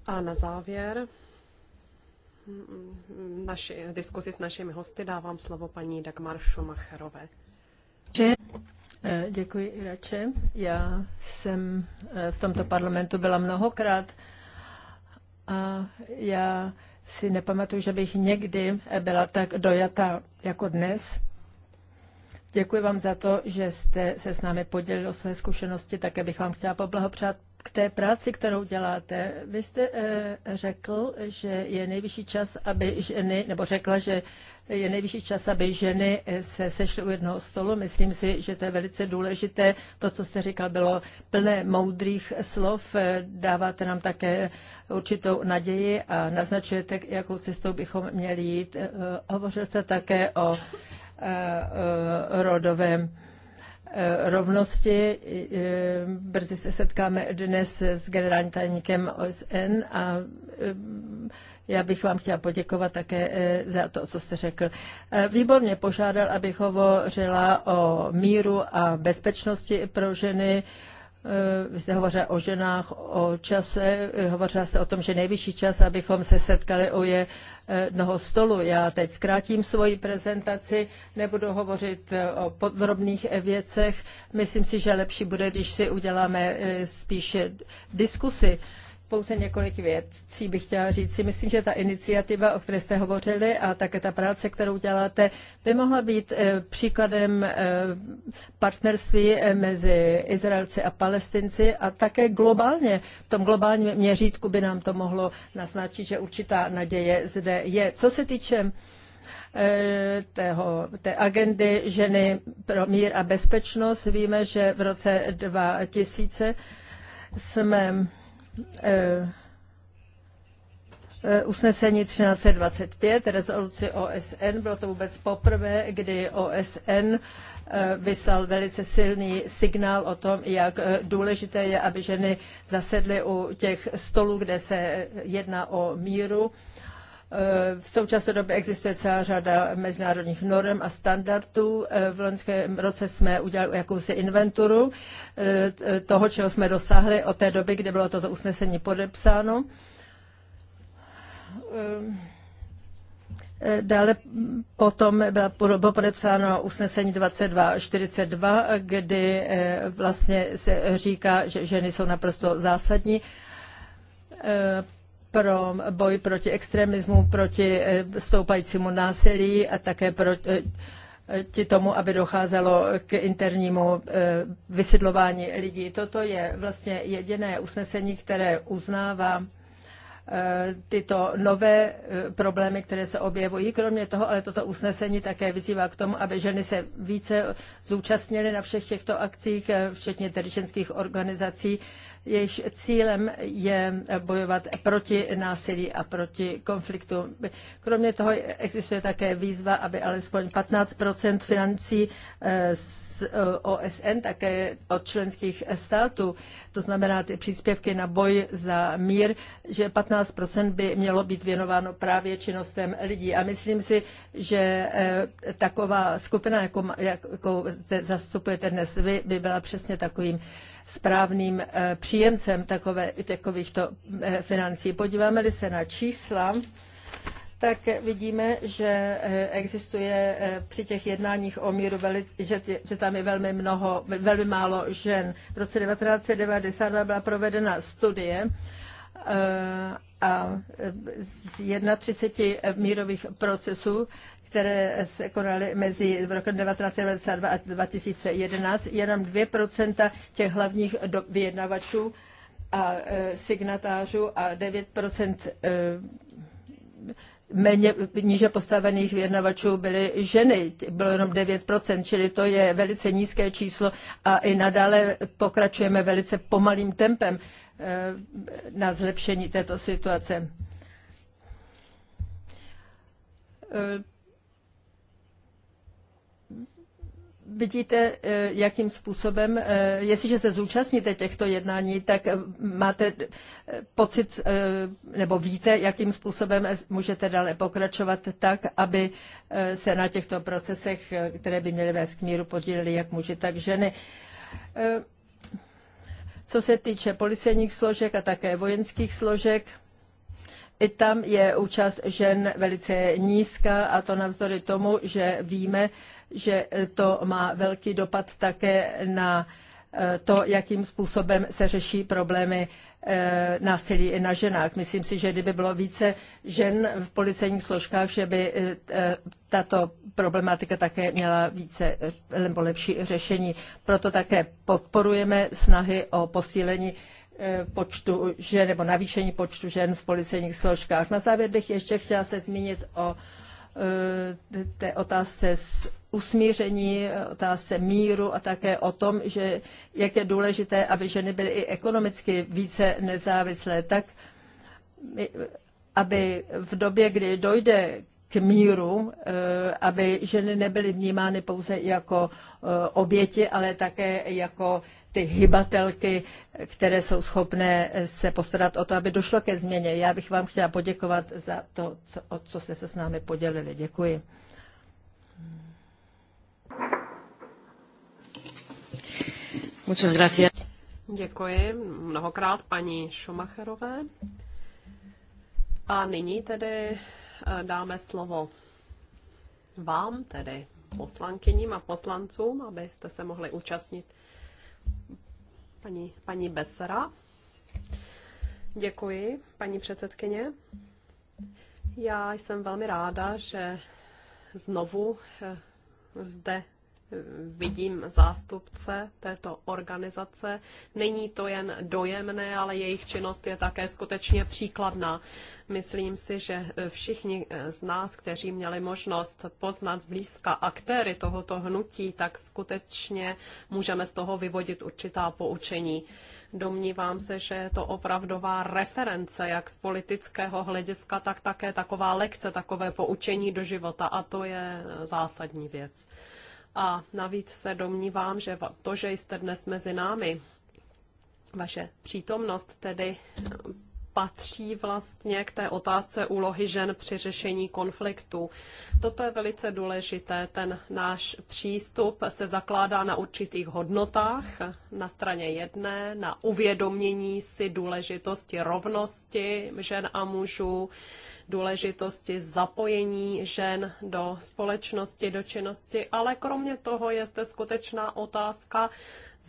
A na závěr naši, diskusi s našimi hosty dávám slovo paní Dagmar Šumacherové. Děkuji, Irače. Já jsem eh, v tomto parlamentu byla mnohokrát a já si nepamatuju, že bych někdy eh, byla tak dojata jako dnes Děkuji vám za to, že jste se s námi podělil o své zkušenosti. Také bych vám chtěla poblahopřát k té práci, kterou děláte. Vy jste eh, řekl, že je nejvyšší čas, aby ženy, nebo řekla, že je nejvyšší čas, aby ženy eh, se sešly u jednoho stolu. Myslím si, že to je velice důležité. To, co jste říkal, bylo plné moudrých slov. Eh, dáváte nám také určitou naději a naznačujete, jakou cestou bychom měli jít. Eh, hovořil jste také o Eh, eh, rodové eh, rovnosti. Brzy se setkáme dnes s generálním tajemníkem OSN a já bych vám chtěla poděkovat také za to, co jste řekl. Výborně požádal, abych hovořila o míru a bezpečnosti pro ženy. Eh, vy jste hovořila o ženách, o čase, eh, hovořila jste o tom, že nejvyšší čas, abychom se setkali u eh, jednoho stolu. Já teď zkrátím svoji prezentaci, nebudu hovořit o podrobných věcech. Myslím si, že lepší bude, když si uděláme spíše diskusy pouze několik věcí bych chtěla říct. Si myslím, že ta iniciativa, o které jste hovořili, a také ta práce, kterou děláte, by mohla být eh, příkladem eh, partnerství eh, mezi Izraelci a Palestinci a také globálně. V tom globálním měřítku by nám to mohlo naznačit, že určitá naděje zde je. Co se týče tého, té agendy ženy pro mír a bezpečnost. Víme, že v roce 2000 jsme Eh, eh, usnesení 1325, rezoluci OSN. Bylo to vůbec poprvé, kdy OSN eh, vyslal velice silný signál o tom, jak důležité je, aby ženy zasedly u těch stolů, kde se jedná o míru Eh, v současné době existuje celá řada mezinárodních norm a standardů. Eh, v loňském roce jsme udělali jakousi inventuru eh, toho, čeho jsme dosáhli od té doby, kdy bylo toto usnesení podepsáno. Dále potom bylo podepsáno usnesení 2242, kdy vlastně se říká, že ženy jsou naprosto zásadní pro boj proti extremismu, proti eh, stoupajícímu násilí a také proti eh, tomu, aby docházelo k internímu eh, vysidlování lidí. Toto je vlastně jediné usnesení, které uznává tyto nové problémy, které se objevují. Kromě toho, ale toto usnesení také vyzývá k tomu, aby ženy se více zúčastnily na všech těchto akcích, včetně tedy organizací, jejichž cílem je bojovat proti násilí a proti konfliktu. Kromě toho existuje také výzva, aby alespoň 15 financí eh, z Eh, OSN, také od členských států, to znamená ty příspěvky na boj za mír, že 15 by mělo být věnováno právě činnostem lidí. A myslím si, že eh, taková skupina, jakou, jakou zastupujete dnes vy, by byla přesně takovým správným eh, příjemcem takové, takovýchto financí. Podíváme-li se na čísla, tak vidíme, že eh, existuje eh, při těch jednáních o míru, že, že tam je velmi, mnoho, velmi málo žen. V roce 1992 byla provedena studie eh, a z 31 mírových procesů které se konaly mezi v roce 1992 a 2011, jenom 2% těch hlavních vyjednavačů a signatářů a 9% méně níže postavených vyjednavačů byly ženy, bylo jenom 9%, čili to je velice nízké číslo a i nadále pokračujeme velice pomalým tempem eh, na zlepšení této situace eh, vidíte, eh, jakým způsobem, eh, jestliže se zúčastníte těchto jednání, tak eh, máte pocit nebo víte, jakým způsobem můžete dále pokračovat tak, aby se na těchto procesech, které by měly vést k míru, podíleli jak muži, tak ženy. Co se týče policejních složek a také vojenských složek, i tam je účast žen velice nízká a to navzdory tomu, že víme, že to má velký dopad také na eh, to, jakým způsobem se řeší problémy eh, násilí i na ženách. Myslím si, že kdyby bylo více žen v policejních složkách, že by eh, tato problematika také měla více nebo lepší řešení. Proto také podporujeme snahy o posílení Eh, počtu žen nebo navýšení počtu žen v policejních složkách. Na závěr bych ještě chtěla se zmínit o eh, té otázce s usmíření, otázce míru a také o tom, že jak je důležité, aby ženy byly i ekonomicky více nezávislé, tak eh, aby v době, kdy dojde k míru, eh, aby ženy nebyly vnímány pouze jako eh, oběti, ale také jako ty hybatelky, které jsou schopné se postarat o to, aby došlo ke změně. Já bych vám chtěla poděkovat za to, co, o co jste se s námi podělili. Děkuji. Muchas gracias. Děkuji mnohokrát paní Šumacherové. A nyní tedy Eh, dáme slovo vám, tedy poslankyním a poslancům, abyste se mohli účastnit paní, paní Besera. Děkuji, paní předsedkyně. Já jsem velmi ráda, že znovu eh, zde vidím zástupce této organizace. Není to jen dojemné, ale jejich činnost je také skutečně příkladná. Myslím si, že eh, všichni eh, z nás, kteří měli možnost poznat zblízka aktéry tohoto hnutí, tak skutečně můžeme z toho vyvodit určitá poučení. Domnívám se, že je to opravdová reference, jak z politického hlediska, tak také taková lekce, takové poučení do života a to je eh, zásadní věc. A navíc se domnívám, že to, že jste dnes mezi námi, vaše přítomnost tedy patří vlastně k té otázce úlohy žen při řešení konfliktu. Toto je velice důležité. Ten náš přístup se zakládá na určitých hodnotách. Na straně jedné, na uvědomění si důležitosti rovnosti žen a mužů, důležitosti zapojení žen do společnosti, do činnosti, ale kromě toho je zde skutečná otázka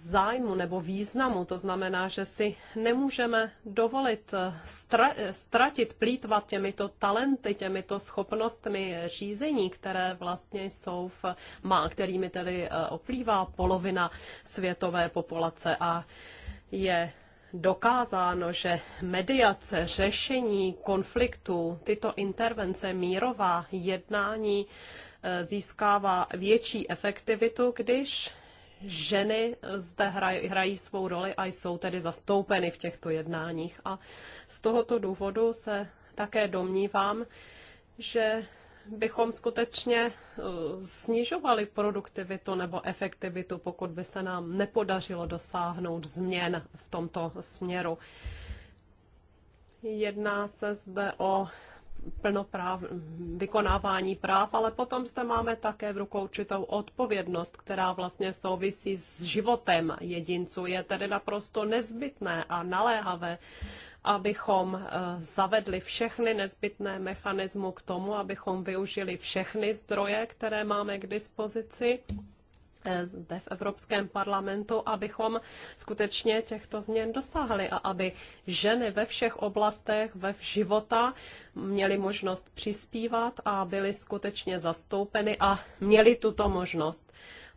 zájmu nebo významu. To znamená, že si nemůžeme dovolit eh, eh, ztratit, plítvat těmito talenty, těmito schopnostmi řízení, které vlastně jsou v, má, kterými tedy eh, oplývá polovina světové populace a je dokázáno, že mediace, řešení konfliktů, tyto intervence, mírová jednání získává větší efektivitu, když ženy zde hrají svou roli a jsou tedy zastoupeny v těchto jednáních. A z tohoto důvodu se také domnívám, že bychom skutečně eh, snižovali produktivitu nebo efektivitu, pokud by se nám nepodařilo dosáhnout změn v tomto směru. Jedná se zde o plnopráv, vykonávání práv, ale potom zde máme také v rukou určitou odpovědnost, která vlastně souvisí s životem jedinců. Je tedy naprosto nezbytné a naléhavé, abychom eh, zavedli všechny nezbytné mechanismy k tomu, abychom využili všechny zdroje, které máme k dispozici Eh, zde v Evropském parlamentu, abychom skutečně těchto změn dosáhli a aby ženy ve všech oblastech ve života měly možnost přispívat a byly skutečně zastoupeny a měly tuto možnost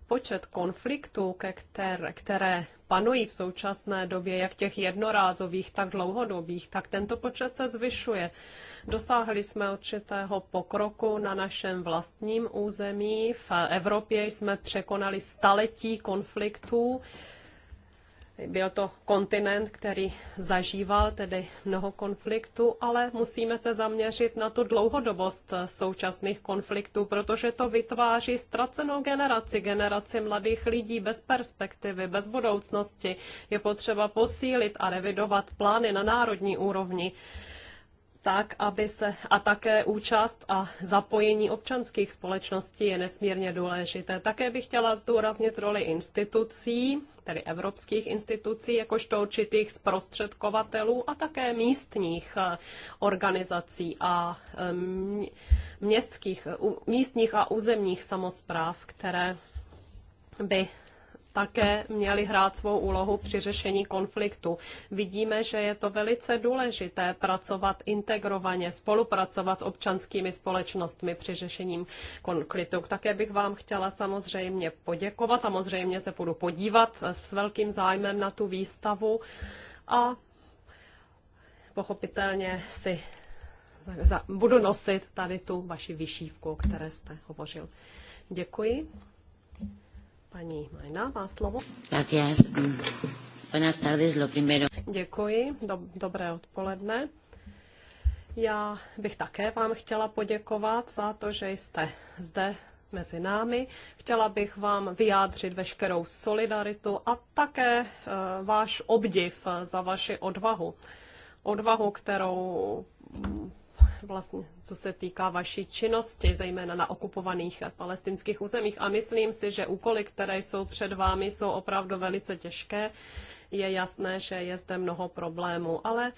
počet konfliktů, ke které, které panují v současné době, jak těch jednorázových, tak dlouhodobých, tak tento počet se zvyšuje. Dosáhli jsme určitého pokroku na našem vlastním území. V Evropě jsme překonali staletí konfliktů byl to kontinent, který zažíval tedy mnoho konfliktů, ale musíme se zaměřit na tu dlouhodobost současných konfliktů, protože to vytváří ztracenou generaci, generaci mladých lidí bez perspektivy, bez budoucnosti. Je potřeba posílit a revidovat plány na národní úrovni tak, aby se a také účast a zapojení občanských společností je nesmírně důležité. Také bych chtěla zdůraznit roli institucí, tedy evropských institucí, jakožto určitých zprostředkovatelů a také místních eh, organizací a eh, městských, místních a územních samozpráv, které by také měly hrát svou úlohu při řešení konfliktu. Vidíme, že je to velice důležité pracovat integrovaně, spolupracovat s občanskými společnostmi při řešení konfliktu. Také bych vám chtěla samozřejmě poděkovat. Samozřejmě se budu podívat s velkým zájmem na tu výstavu a pochopitelně si budu nosit tady tu vaši vyšívku, o které jste hovořil. Děkuji. Paní Majna má slovo. Gracias. Buenas tardes, lo primero. Děkuji, Dob dobré odpoledne. Já bych také vám chtěla poděkovat za to, že jste zde mezi námi. Chtěla bych vám vyjádřit veškerou solidaritu a také eh, váš obdiv za vaši odvahu. Odvahu, kterou vlastně, co se týká vaší činnosti, zejména na okupovaných palestinských územích. A myslím si, že úkoly, které jsou před vámi, jsou opravdu velice těžké. Je jasné, že je zde mnoho problémů, ale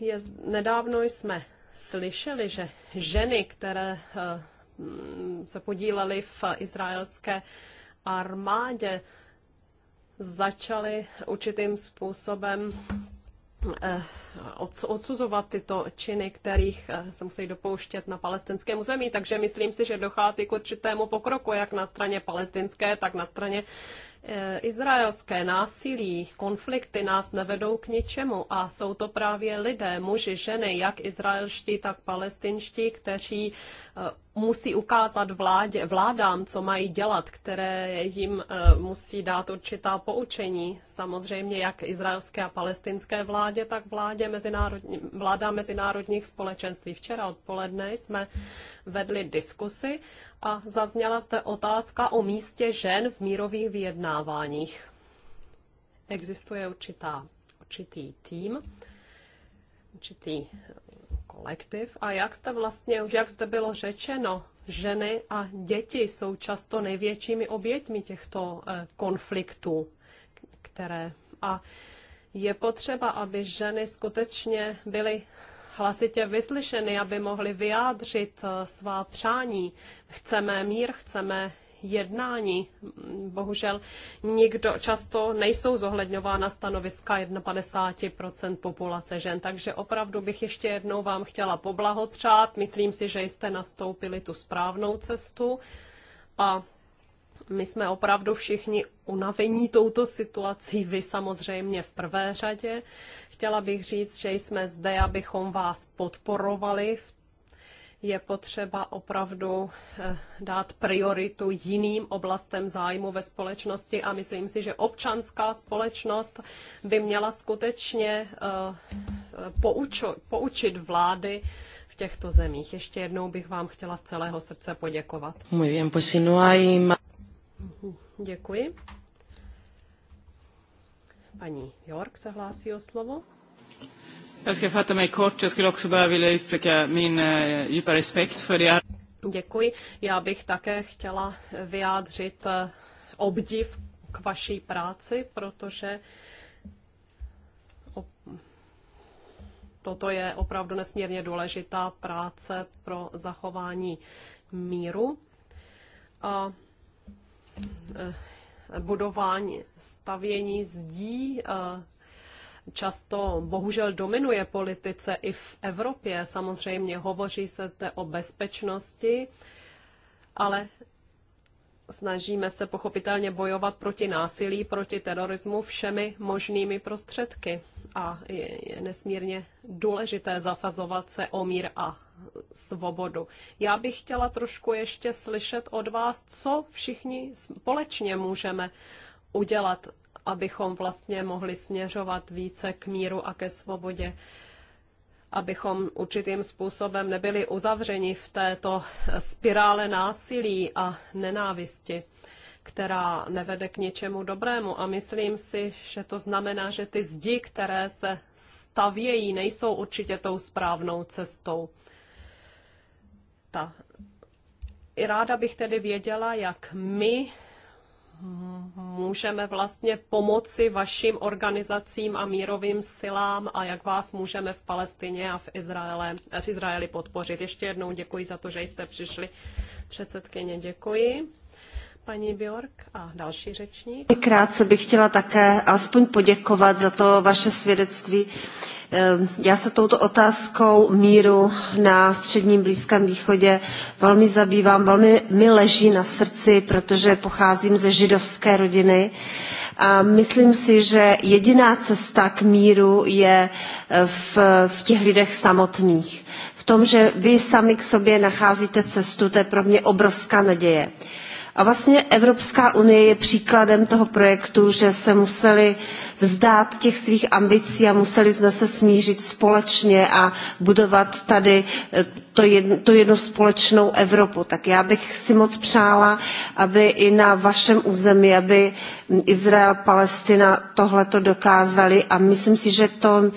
je, nedávno jsme slyšeli, že ženy, které eh, se podílely v izraelské armádě, začaly určitým způsobem Eh, odsuzovat tyto činy, kterých eh, se musí dopouštět na palestinském území. Takže myslím si, že dochází k určitému pokroku, jak na straně palestinské, tak na straně eh, izraelské násilí, konflikty nás nevedou k ničemu a jsou to právě lidé, muži, ženy, jak izraelští, tak palestinští, kteří musí ukázat vládě, vládám, co mají dělat, které jim eh, musí dát určitá poučení. Samozřejmě jak izraelské a palestinské vládě, tak vládě mezinárodní, vláda mezinárodních společenství. Včera odpoledne jsme vedli diskusy a zazněla zde otázka o místě žen v mírových vyjednáváních. Existuje určitá, určitý tým, určitý kolektiv. A jak jste vlastně, už jak zde bylo řečeno, ženy a děti jsou často největšími oběťmi těchto eh, konfliktů, které a je potřeba, aby ženy skutečně byly hlasitě vyslyšeny, aby mohly vyjádřit eh, svá přání. Chceme mír, chceme jednání. Bohužel nikdo často nejsou zohledňována stanoviska 51% populace žen, takže opravdu bych ještě jednou vám chtěla poblahotřát. Myslím si, že jste nastoupili tu správnou cestu a my jsme opravdu všichni unavení touto situací, vy samozřejmě v prvé řadě. Chtěla bych říct, že jsme zde, abychom vás podporovali v je potřeba opravdu eh, dát prioritu jiným oblastem zájmu ve společnosti a myslím si, že občanská společnost by měla skutečně eh, poučit vlády v těchto zemích. Ještě jednou bych vám chtěla z celého srdce poděkovat. si no Děkuji. Paní York se hlásí o slovo. Eh, Děkuji. Já bych také chtěla vyjádřit eh, obdiv k vaší práci, protože toto je opravdu nesmírně důležitá práce pro zachování míru a eh, budování, stavění zdí často bohužel dominuje politice i v Evropě. Samozřejmě hovoří se zde o bezpečnosti, ale snažíme se pochopitelně bojovat proti násilí, proti terorismu všemi možnými prostředky. A je, je nesmírně důležité zasazovat se o mír a svobodu. Já bych chtěla trošku ještě slyšet od vás, co všichni společně můžeme udělat abychom vlastně mohli směřovat více k míru a ke svobodě abychom určitým způsobem nebyli uzavřeni v této spirále násilí a nenávisti, která nevede k ničemu dobrému. A myslím si, že to znamená, že ty zdi, které se stavějí, nejsou určitě tou správnou cestou. Ta. I ráda bych tedy věděla, jak my můžeme vlastně pomoci vašim organizacím a mírovým silám a jak vás můžeme v Palestině a v, Izraele, v Izraeli podpořit. Ještě jednou děkuji za to, že jste přišli. Předsedkyně, děkuji paní Bjork a další řečník. Krátce bych chtěla také alespoň poděkovat za to vaše svědectví. Ehm, já se touto otázkou míru na středním Blízkém východě velmi zabývám, velmi mi leží na srdci, protože pocházím ze židovské rodiny. A myslím si, že jediná cesta k míru je eh, v, v těch lidech samotných. V tom, že vy sami k sobě nacházíte cestu, to je pro mě obrovská naděje. A vlastně Evropská unie je příkladem toho projektu, že se museli vzdát těch svých ambicí a museli jsme se smířit společně a budovat tady eh, to jedno, tu jednu společnou Evropu. Tak já bych si moc přála, aby i na vašem území, aby Izrael, Palestina tohleto dokázali a myslím si, že to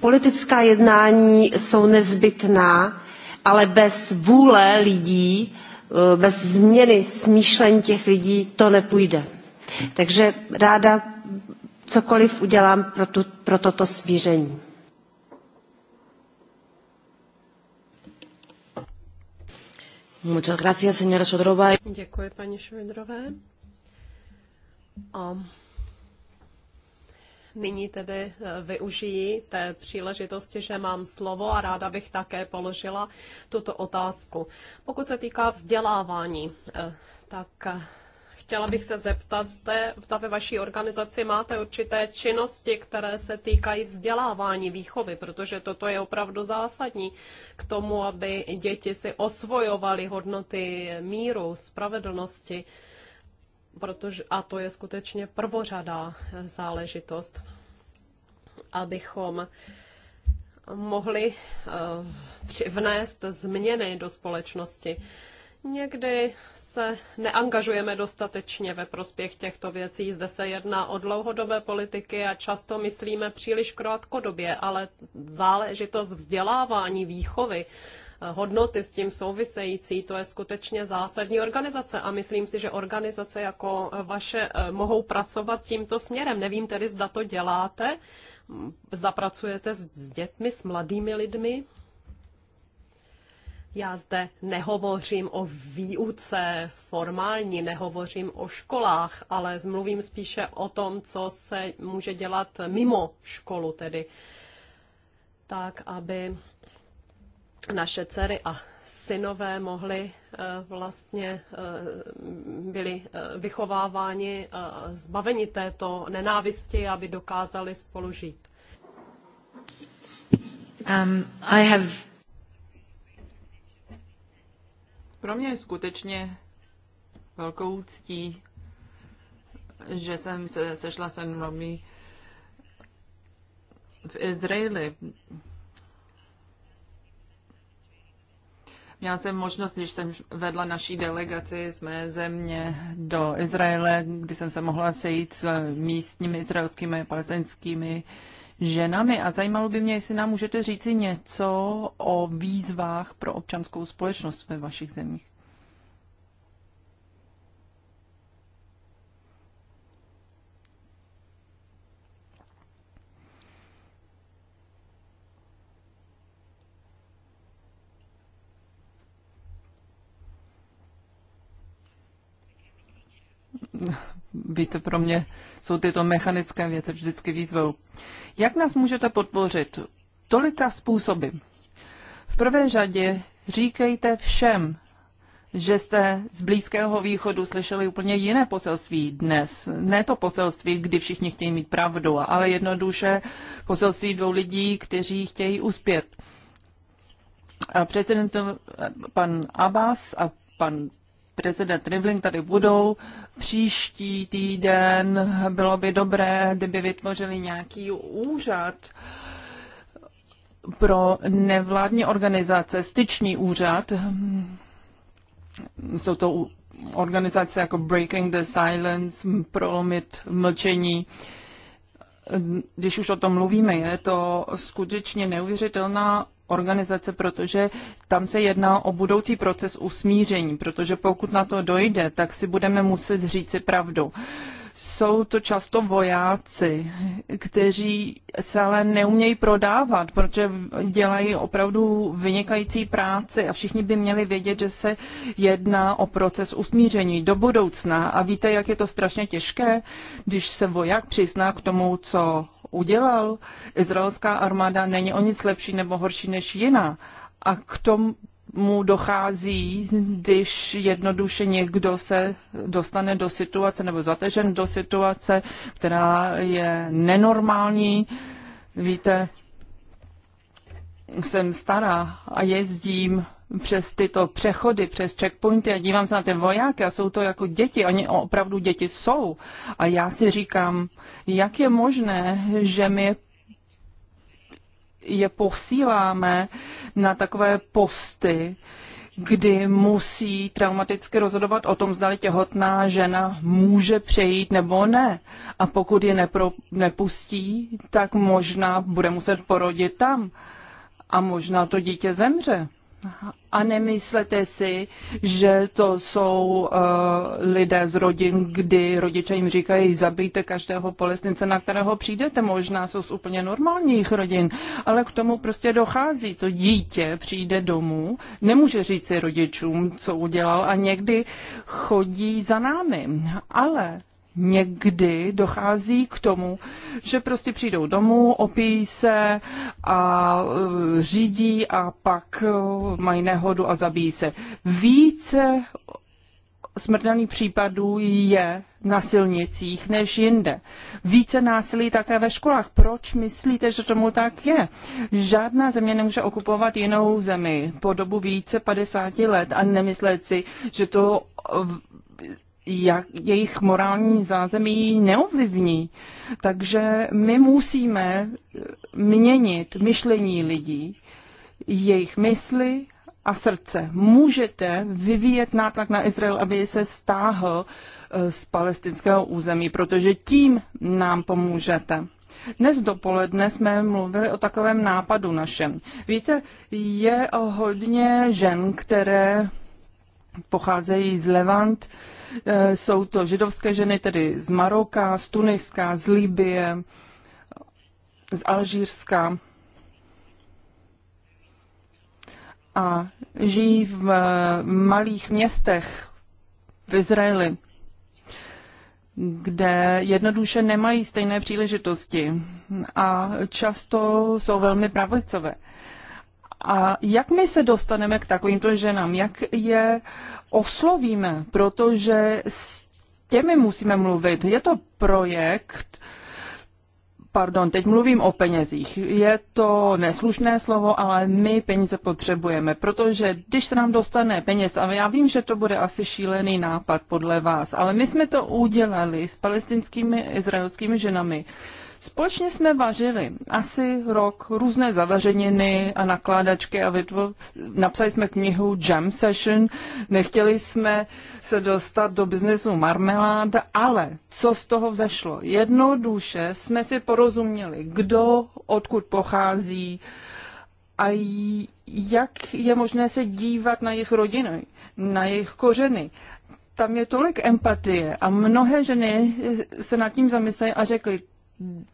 politická jednání jsou nezbytná, ale bez vůle lidí Eh, bez změny smýšlení těch lidí to nepůjde. Takže ráda cokoliv udělám pro, tu, pro toto smíření. Muchas gracias, señora Sodrova. Děkuji, paní Švidrové. A Nyní tedy eh, využiji té příležitosti, že mám slovo a ráda bych také položila tuto otázku. Pokud se týká vzdělávání, eh, tak eh, chtěla bych se zeptat, zda ve vaší organizaci máte určité činnosti, které se týkají vzdělávání, výchovy, protože toto je opravdu zásadní k tomu, aby děti si osvojovaly hodnoty míru, spravedlnosti protože, a to je skutečně prvořadá záležitost, abychom mohli eh, přivnést změny do společnosti. Někdy se neangažujeme dostatečně ve prospěch těchto věcí. Zde se jedná o dlouhodobé politiky a často myslíme příliš krátkodobě, ale záležitost vzdělávání, výchovy hodnoty s tím související. To je skutečně zásadní organizace a myslím si, že organizace jako vaše eh, mohou pracovat tímto směrem. Nevím tedy, zda to děláte, zda pracujete s dětmi, s mladými lidmi. Já zde nehovořím o výuce formální, nehovořím o školách, ale mluvím spíše o tom, co se může dělat mimo školu, tedy tak, aby naše dcery a synové mohli eh, vlastně eh, byli eh, vychováváni zbaveni této nenávisti, aby dokázali spolu žít. Um, I have... Pro mě je skutečně velkou ctí, že jsem se sešla se mnou v Izraeli Měla jsem možnost, když jsem vedla naší delegaci z mé země do Izraele, kdy jsem se mohla sejít s místními izraelskými a palestinskými ženami. A zajímalo by mě, jestli nám můžete říci něco o výzvách pro občanskou společnost ve vašich zemích. víte, pro mě jsou tyto mechanické věci vždycky výzvou. Jak nás můžete podpořit? Tolika způsoby. V prvé řadě říkejte všem, že jste z Blízkého východu slyšeli úplně jiné poselství dnes. Ne to poselství, kdy všichni chtějí mít pravdu, ale jednoduše poselství dvou lidí, kteří chtějí uspět. A prezident pan Abbas a pan prezident Rivlin tady budou příští týden. Bylo by dobré, kdyby vytvořili nějaký úřad pro nevládní organizace, styčný úřad. Jsou to organizace jako Breaking the Silence, Prolomit mlčení. Když už o tom mluvíme, je to skutečně neuvěřitelná organizace, protože tam se jedná o budoucí proces usmíření, protože pokud na to dojde, tak si budeme muset říci pravdu. Jsou to často vojáci, kteří se ale neumějí prodávat, protože dělají opravdu vynikající práci a všichni by měli vědět, že se jedná o proces usmíření do budoucna. A víte, jak je to strašně těžké, když se voják přizná k tomu, co udělal. Izraelská armáda není o nic lepší nebo horší než jiná. A k tomu mu dochází, když jednoduše někdo se dostane do situace nebo zatežen do situace, která je nenormální. Víte, jsem stará a jezdím přes tyto přechody, přes checkpointy a dívám se na ty vojáky a jsou to jako děti, oni opravdu děti jsou. A já si říkám, jak je možné, že my je posíláme na takové posty, kdy musí traumaticky rozhodovat o tom, zdali těhotná žena může přejít nebo ne. A pokud je nepro, nepustí, tak možná bude muset porodit tam. A možná to dítě zemře. A nemyslete si, že to jsou uh, lidé z rodin, kdy rodiče jim říkají, zabijte každého polesnice, na kterého přijdete. Možná jsou z úplně normálních rodin, ale k tomu prostě dochází. To dítě přijde domů, nemůže říct si rodičům, co udělal a někdy chodí za námi. Ale někdy dochází k tomu, že prostě přijdou domů, opijí se a e, řídí a pak e, mají nehodu a zabijí se. Více smrtelných případů je na silnicích než jinde. Více násilí také ve školách. Proč myslíte, že tomu tak je? Žádná země nemůže okupovat jinou zemi po dobu více 50 let a nemyslet si, že to jak jejich morální zázemí neovlivní. Takže my musíme měnit myšlení lidí, jejich mysli a srdce. Můžete vyvíjet nátlak na Izrael, aby se stáhl eh, z palestinského území, protože tím nám pomůžete. Dnes dopoledne jsme mluvili o takovém nápadu našem. Víte, je hodně žen, které pocházejí z Levant. Eh, jsou to židovské ženy, tedy z Maroka, z Tuniska, z Libie, z Alžírska. A žijí v eh, malých městech v Izraeli, kde jednoduše nemají stejné příležitosti a často jsou velmi pravicové. A jak my se dostaneme k takovýmto ženám? Jak je oslovíme? Protože s těmi musíme mluvit. Je to projekt, pardon, teď mluvím o penězích. Je to neslušné slovo, ale my peníze potřebujeme, protože když se nám dostane peněz, a já vím, že to bude asi šílený nápad podle vás, ale my jsme to udělali s palestinskými izraelskými ženami. Společně jsme vařili asi rok různé zavařeniny a nakládačky a vytvo... napsali jsme knihu Jam Session. Nechtěli jsme se dostat do biznesu marmelád, ale co z toho vzešlo? Jednoduše jsme si porozuměli, kdo odkud pochází a jak je možné se dívat na jejich rodiny, na jejich kořeny tam je tolik empatie a mnohé ženy se nad tím zamyslejí a řekly,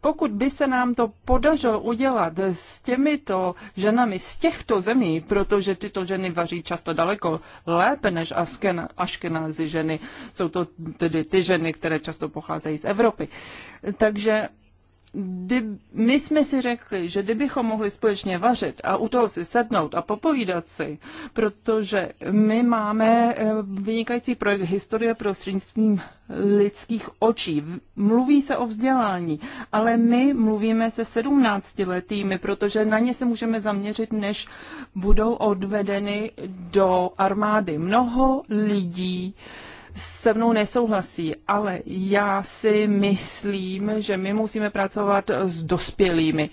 pokud by se nám to podařilo udělat s těmito ženami z těchto zemí, protože tyto ženy vaří často daleko lépe než aškenázy ženy, jsou to tedy ty ženy, které často pocházejí z Evropy. Takže my jsme si řekli, že kdybychom mohli společně vařit a u toho si sednout a popovídat si, protože my máme eh, vynikající projekt Historie prostřednictvím lidských očí. Mluví se o vzdělání, ale my mluvíme se sedmnáctiletými, protože na ně se můžeme zaměřit, než budou odvedeny do armády. Mnoho lidí uh, se mnou nesouhlasí, ale já si myslím, že my musíme pracovat s dospělými.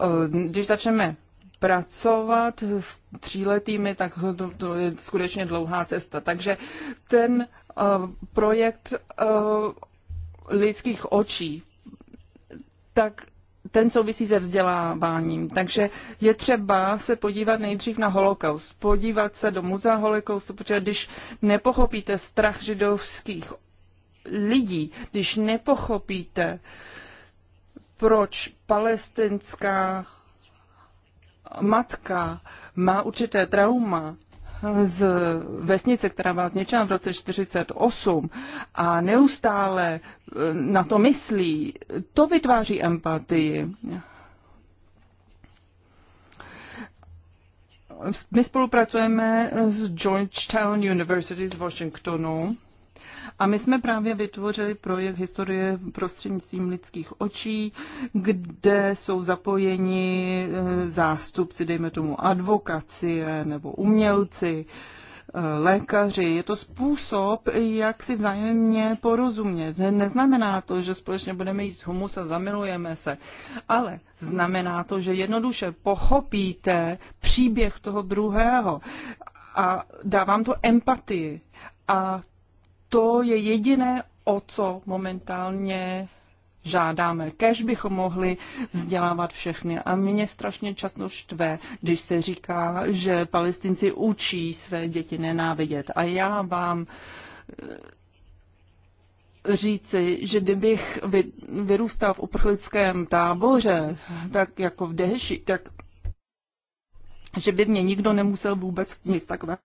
Eh, když začneme pracovat s tříletými, tak to je skutečně dlouhá cesta. Takže ten eh, projekt eh, lidských očí, tak ten souvisí se vzděláváním. Takže je třeba se podívat nejdřív na holokaust, podívat se do muzea holokaustu, protože když nepochopíte strach židovských lidí, když nepochopíte, proč palestinská matka má určité trauma, z vesnice, která byla zničena v roce 48 a neustále eh, na to myslí, to vytváří empatii. My spolupracujeme s Georgetown University z Washingtonu a my jsme právě vytvořili projekt Historie prostřednictvím lidských očí, kde jsou zapojeni eh, zástupci, dejme tomu advokacie nebo umělci, eh, lékaři. Je to způsob, jak si vzájemně porozumět. Neznamená to, že společně budeme jíst humus a zamilujeme se, ale znamená to, že jednoduše pochopíte příběh toho druhého a dávám to empatii. A to je jediné, o co momentálně žádáme. Kež bychom mohli vzdělávat všechny. A mě strašně často štve, když se říká, že palestinci učí své děti nenávidět. A já vám eh, říci, že kdybych vyrůstal v uprchlickém táboře, tak jako v Deši, tak že by mě nikdo nemusel vůbec nic takového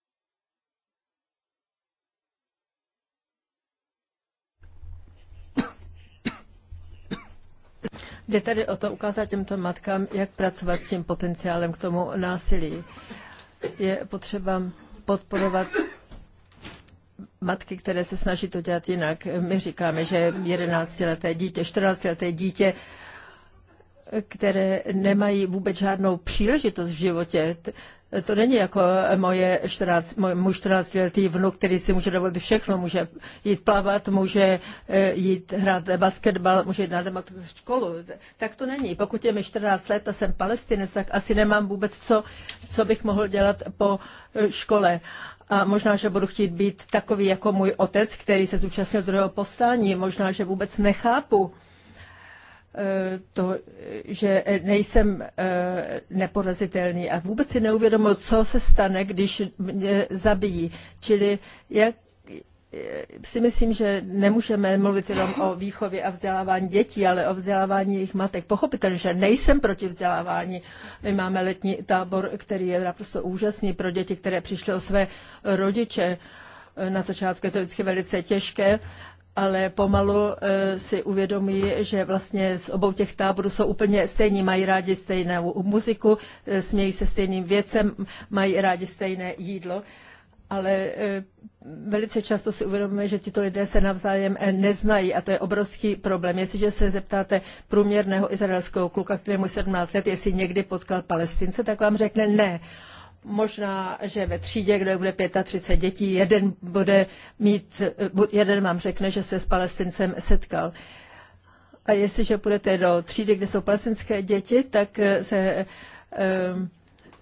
Jde tady o to ukázat těmto matkám, jak pracovat s tím potenciálem k tomu násilí. Je potřeba podporovat matky, které se snaží to dělat jinak. My říkáme, že 11-leté dítě, 14-leté dítě, které nemají vůbec žádnou příležitost v životě, to není jako moje 14, můj, můj 14-letý vnuk, který si může dovolit všechno. Může jít plavat, může eh, jít hrát basketbal, může jít na demokratickou školu. Tak to není. Pokud je mi 14 let a jsem palestinec, tak asi nemám vůbec co, co bych mohl dělat po eh, škole. A možná, že budu chtít být takový jako můj otec, který se zúčastnil druhého povstání. Možná, že vůbec nechápu Eh, to, že nejsem eh, neporazitelný a vůbec si neuvědomuji, co se stane, když mě zabijí. Čili jak eh, si myslím, že nemůžeme mluvit jenom o výchově a vzdělávání dětí, ale o vzdělávání jejich matek. Pochopitelně, že nejsem proti vzdělávání. My máme letní tábor, který je naprosto úžasný pro děti, které přišly o své rodiče. Na začátku je to vždycky velice těžké, ale pomalu eh, si uvědomí, že vlastně z obou těch táborů jsou úplně stejní, mají rádi stejnou muziku, eh, smějí se stejným věcem, mají rádi stejné jídlo ale eh, velice často si uvědomujeme, že tito lidé se navzájem neznají a to je obrovský problém. Jestliže se zeptáte průměrného izraelského kluka, kterému 17 let, jestli někdy potkal palestince, tak vám řekne ne. Možná, že ve třídě, kde bude 35 dětí, jeden bude mít, jeden vám řekne, že se s palestincem setkal. A jestliže půjdete do třídy, kde jsou palestinské děti, tak eh, se eh,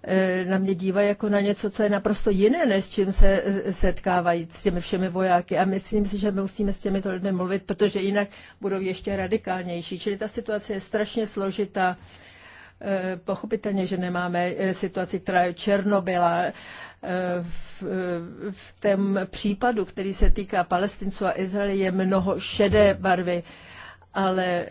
eh, na mě dívají jako na něco, co je naprosto jiné, než s čím se setkávají s těmi všemi vojáky. A myslím si, že my musíme s těmito lidmi mluvit, protože jinak budou ještě radikálnější. Čili ta situace je strašně složitá. Eh, pochopitelně, že nemáme eh, situaci, která je černobyla. Eh, v, v tom případu, který se týká palestinců a Izraeli, je mnoho šedé barvy, ale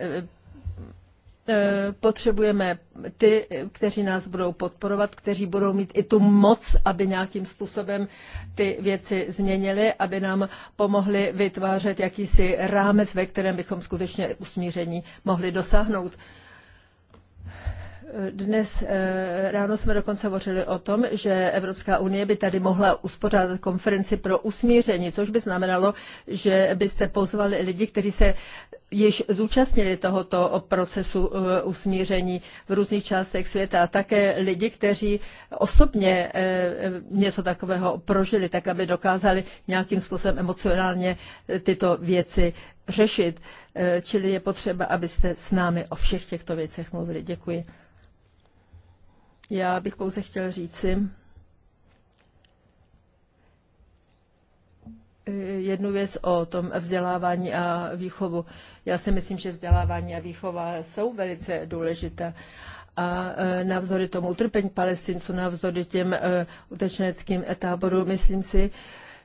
potřebujeme ty, kteří nás budou podporovat, kteří budou mít i tu moc, aby nějakým způsobem ty věci změnili, aby nám pomohli vytvářet jakýsi rámec, ve kterém bychom skutečně usmíření mohli dosáhnout. Dnes eh, ráno jsme dokonce hovořili o tom, že Evropská unie by tady mohla uspořádat konferenci pro usmíření, což by znamenalo, že byste pozvali lidi, kteří se již zúčastnili tohoto procesu eh, usmíření v různých částech světa a také lidi, kteří osobně eh, něco takového prožili, tak aby dokázali nějakým způsobem emocionálně tyto věci řešit. Čili je potřeba, abyste s námi o všech těchto věcech mluvili. Děkuji. Já bych pouze chtěl říci eh, jednu věc o tom vzdělávání a výchovu. Já si myslím, že vzdělávání a výchova jsou velice důležité a eh, navzory tomu utrpení palestinců, navzory těm eh, utečeneckým táborům, myslím si,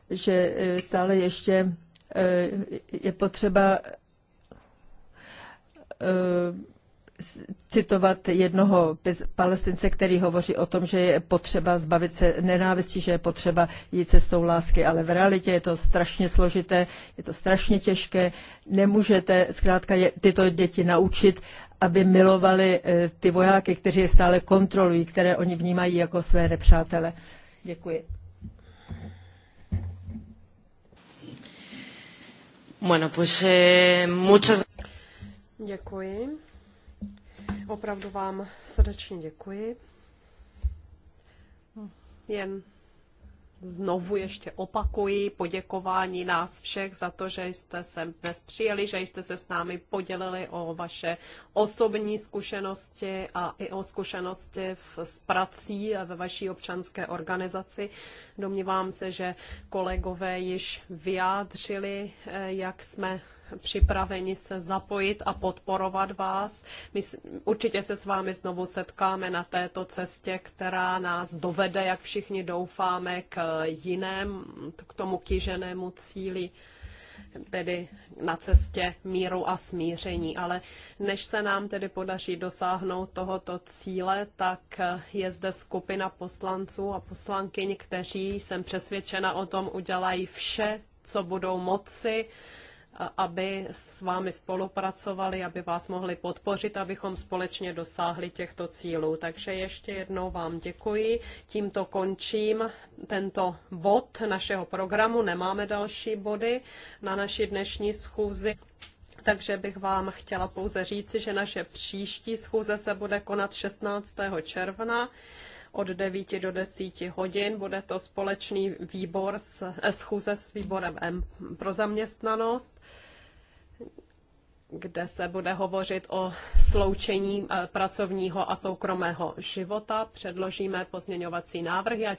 že stále ještě je potřeba citovat jednoho palestince, který hovoří o tom, že je potřeba zbavit se nenávisti, že je potřeba jít cestou lásky, ale v realitě je to strašně složité, je to strašně těžké. Nemůžete zkrátka je, tyto děti naučit, aby milovali eh, ty vojáky, kteří je stále kontrolují, které oni vnímají jako své nepřátele. Děkuji. Bueno, pues eh, muchas Děkuji. Opravdu vám srdečně děkuji. Jen znovu ještě opakuji poděkování nás všech za to, že jste sem dnes přijeli, že jste se s námi podělili o vaše osobní zkušenosti a i o zkušenosti v, s prací ve vaší občanské organizaci. Domnívám se, že kolegové již vyjádřili, eh, jak jsme připraveni se zapojit a podporovat vás. My určitě se s vámi znovu setkáme na této cestě, která nás dovede, jak všichni doufáme, k jiném, k tomu kýženému cíli tedy na cestě míru a smíření. Ale než se nám tedy podaří dosáhnout tohoto cíle, tak je zde skupina poslanců a poslankyň, kteří jsem přesvědčena o tom udělají vše, co budou moci aby s vámi spolupracovali, aby vás mohli podpořit, abychom společně dosáhli těchto cílů. Takže ještě jednou vám děkuji. Tímto končím tento bod našeho programu. Nemáme další body na naší dnešní schůzi. Takže bych vám chtěla pouze říci, že naše příští schůze se bude konat 16. června od 9 do 10 hodin. Bude to společný výbor s, eh, schůze s výborem M pro zaměstnanost kde se bude hovořit o sloučení eh, pracovního a soukromého života. Předložíme pozměňovací návrhy a